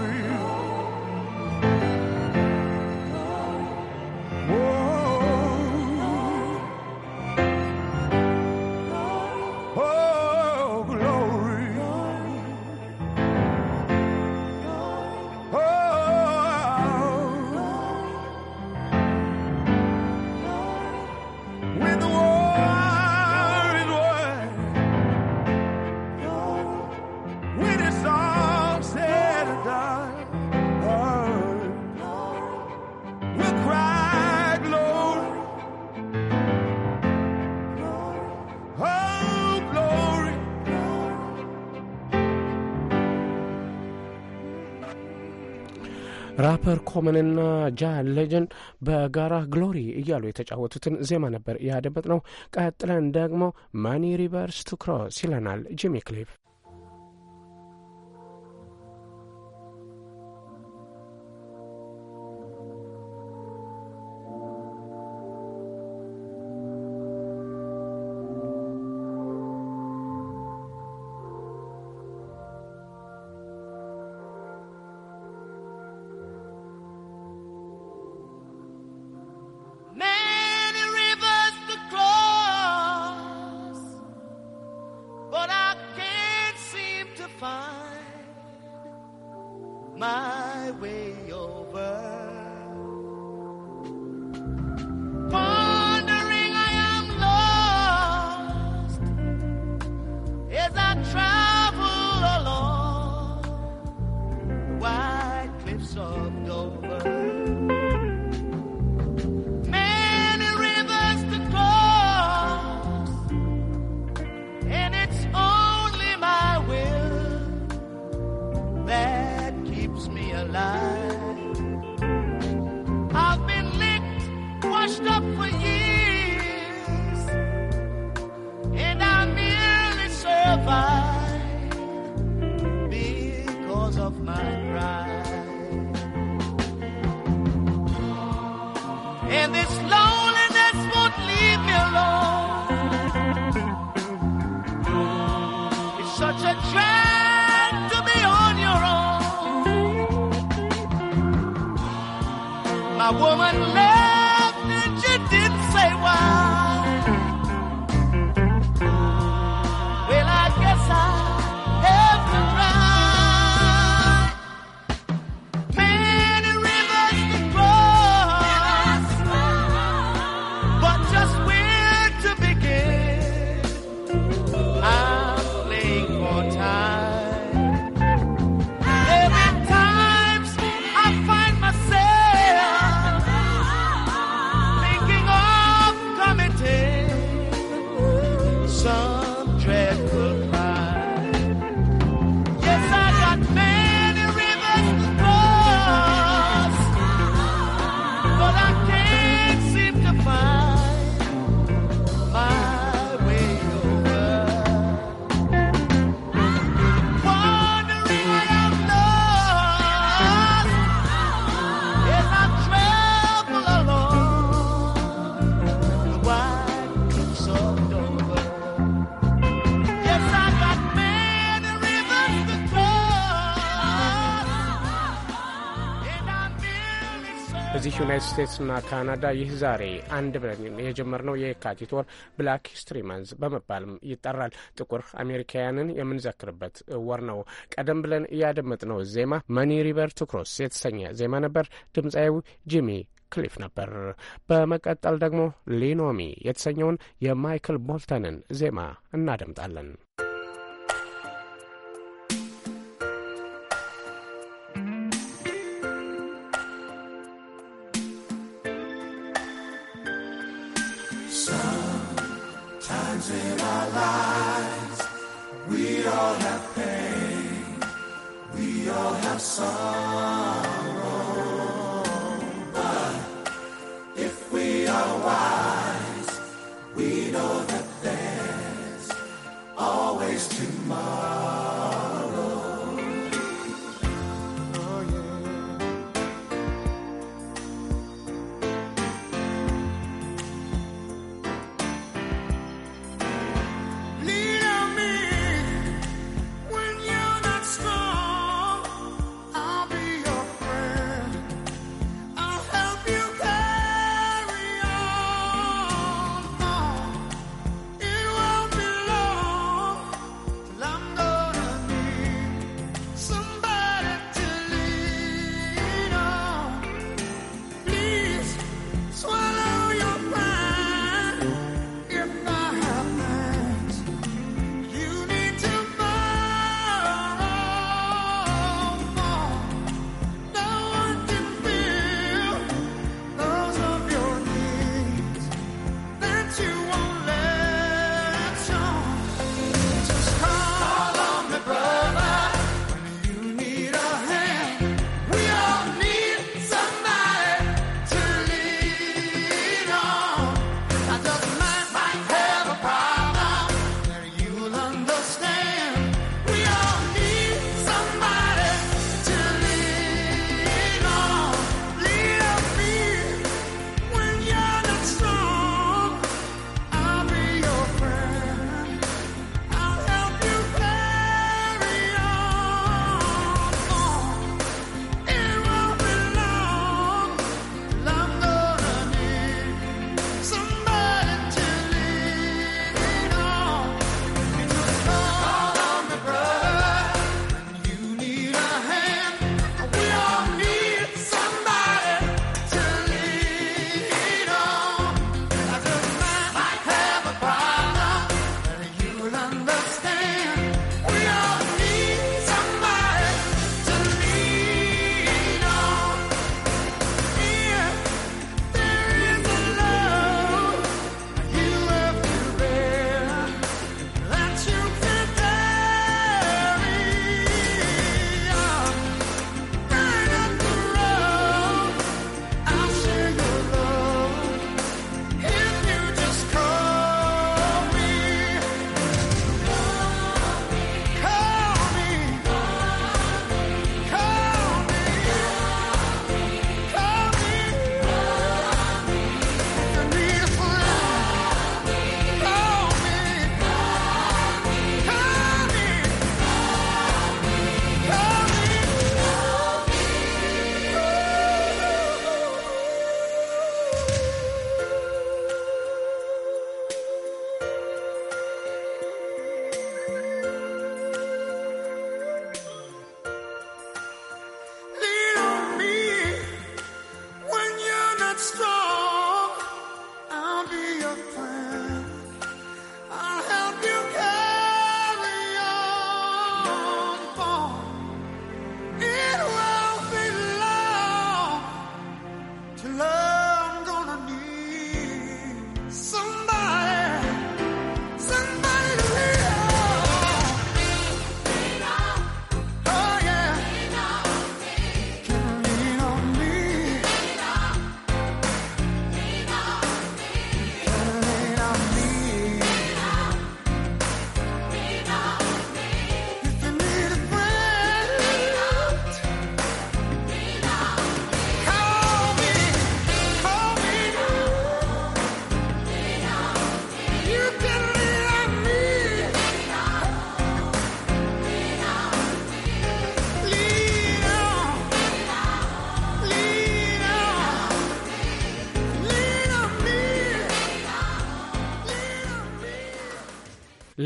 ሱፐር ኮመንና ጃ ሌጀንድ በጋራ ግሎሪ እያሉ የተጫወቱትን ዜማ ነበር ያደመጥነው። ቀጥለን ደግሞ ማኒ ሪቨርስ ቱ ክሮስ ይለናል ጂሚ ክሊፍ ዩናይትድ ስቴትስና ካናዳ ይህ ዛሬ አንድ ብለን የጀመርነው የካቲት ወር ብላክ ሂስትሪ መንዝ በመባልም ይጠራል። ጥቁር አሜሪካውያንን የምንዘክርበት ወር ነው። ቀደም ብለን ነው ዜማ መኒ ሪቨር ቱክሮስ የተሰኘ ዜማ ነበር። ድምፃዊ ጂሚ ክሊፍ ነበር። በመቀጠል ደግሞ ሊኖሚ የተሰኘውን የማይክል ቦልተንን ዜማ እናደምጣለን። song.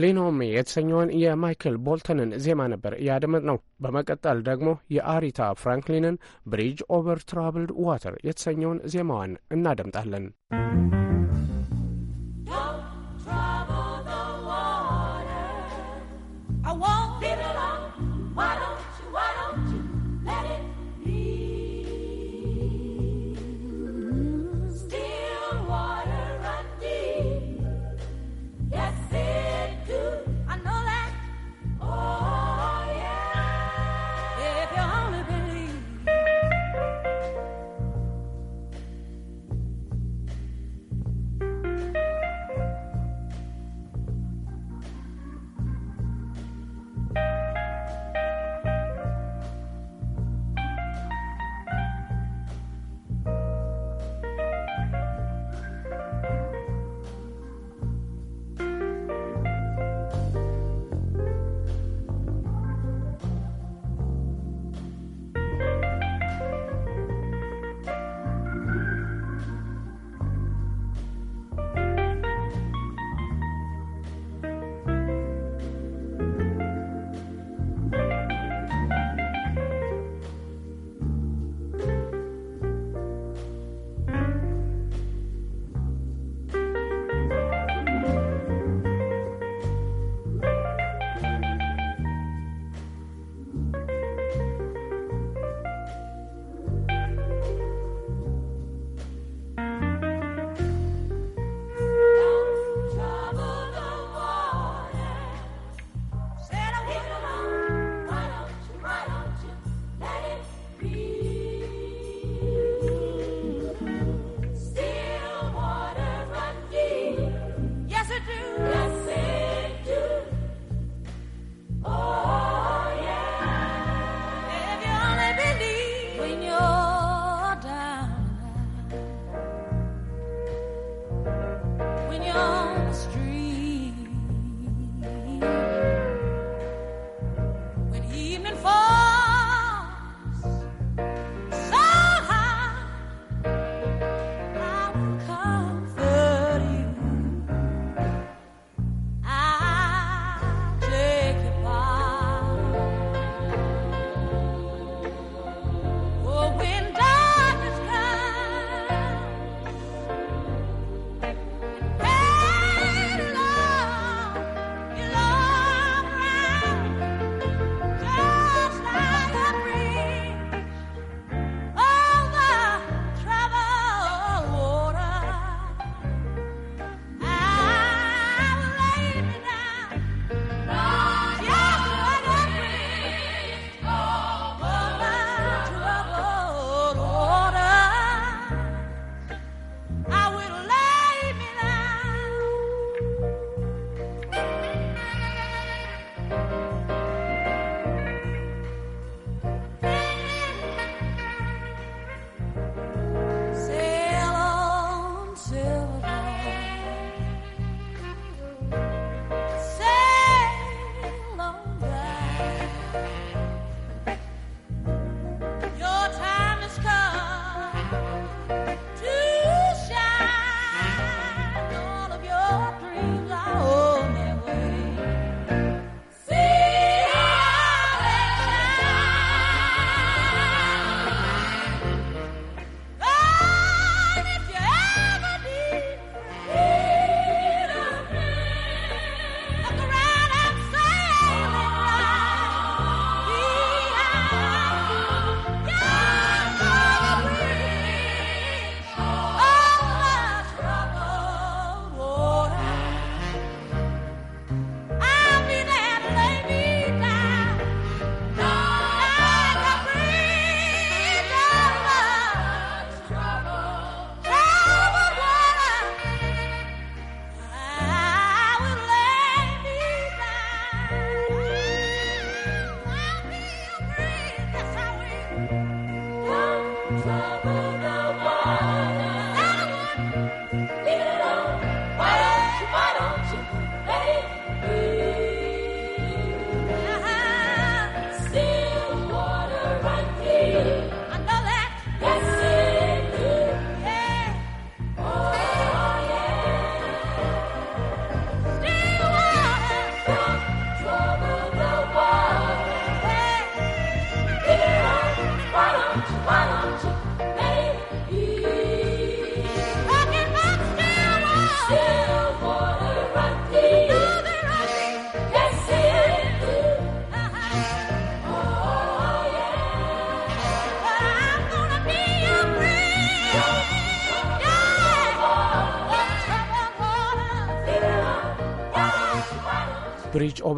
ሊኖሚ የተሰኘውን የማይክል ቦልተንን ዜማ ነበር ያደመጥ ነው። በመቀጠል ደግሞ የአሪታ ፍራንክሊንን ብሪጅ ኦቨር ትራብልድ ዋተር የተሰኘውን ዜማዋን እናደምጣለን።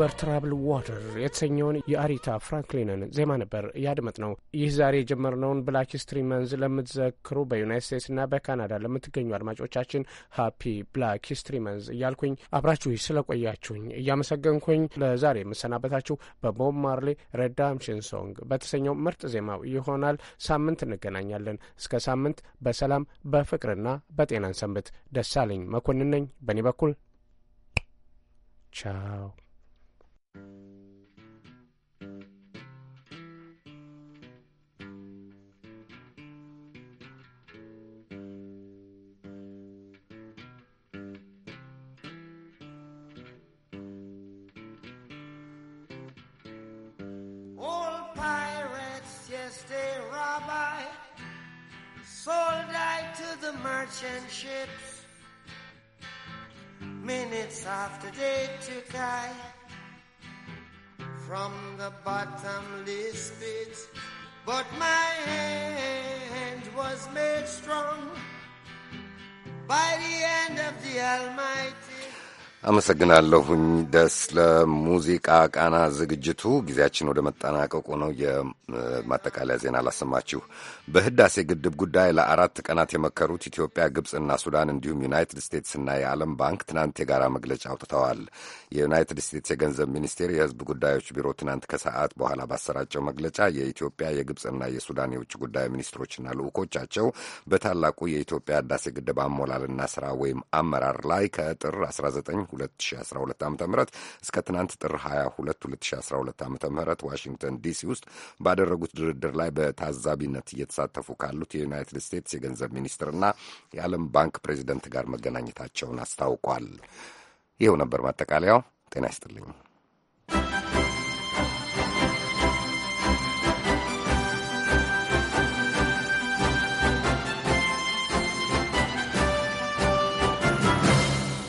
ኦቨር ትራብል ዋተር የተሰኘውን የአሪታ ፍራንክሊንን ዜማ ነበር እያድመጥ ነው። ይህ ዛሬ የጀመርነውን ብላክ ሂስትሪ መንዝ ለምትዘክሩ በዩናይት ስቴትስና በካናዳ ለምትገኙ አድማጮቻችን ሀፒ ብላክ ሂስትሪ መንዝ እያልኩኝ አብራችሁ ስለቆያችሁኝ እያመሰገንኩኝ ለዛሬ የምሰናበታችሁ በቦብ ማርሌ ሬዳምሽን ሶንግ በተሰኘው ምርጥ ዜማው ይሆናል። ሳምንት እንገናኛለን። እስከ ሳምንት በሰላም በፍቅርና በጤናን ሰንብት። ደሳለኝ መኮንን ነኝ። በእኔ በኩል ቻው። merchant ships. Minutes after they took I from the bottomless pit, but my hand was made strong by the hand of the Almighty. አመሰግናለሁኝ ደስ ለሙዚቃ ቃና ዝግጅቱ። ጊዜያችን ወደ መጠናቀቁ ነው። የማጠቃለያ ዜና ላሰማችሁ። በህዳሴ ግድብ ጉዳይ ለአራት ቀናት የመከሩት ኢትዮጵያ፣ ግብፅና ሱዳን እንዲሁም ዩናይትድ ስቴትስና የዓለም ባንክ ትናንት የጋራ መግለጫ አውጥተዋል። የዩናይትድ ስቴትስ የገንዘብ ሚኒስቴር የህዝብ ጉዳዮች ቢሮ ትናንት ከሰዓት በኋላ ባሰራጨው መግለጫ የኢትዮጵያ፣ የግብፅና የሱዳን የውጭ ጉዳይ ሚኒስትሮችና ልዑኮቻቸው በታላቁ የኢትዮጵያ ህዳሴ ግድብ አሞላልና ስራ ወይም አመራር ላይ ከጥር 19 2012 ዓ ም እስከ ትናንት ጥር 22 2012 ዓ ም ዋሽንግተን ዲሲ ውስጥ ባደረጉት ድርድር ላይ በታዛቢነት እየተሳተፉ ካሉት የዩናይትድ ስቴትስ የገንዘብ ሚኒስትርና የዓለም ባንክ ፕሬዚደንት ጋር መገናኘታቸውን አስታውቋል። ይኸው ነበር ማጠቃለያው። ጤና ይስጥልኝ።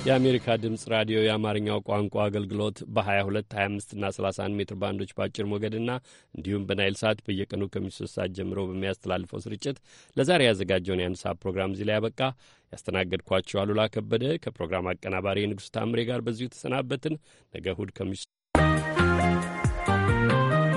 የአሜሪካ ድምፅ ራዲዮ የአማርኛው ቋንቋ አገልግሎት በ22፣ 25 እና 31 ሜትር ባንዶች በአጭር ሞገድና እንዲሁም በናይል ሳት በየቀኑ ከሚሶስት ሰዓት ጀምሮ በሚያስተላልፈው ስርጭት ለዛሬ ያዘጋጀውን የአንድ ሰዓት ፕሮግራም እዚህ ላይ ያበቃ። ያስተናገድኳቸው አሉላ ከበደ ከፕሮግራም አቀናባሪ የንጉሥ ታምሬ ጋር በዚሁ ተሰናበትን። ነገ እሁድ ከሚሶ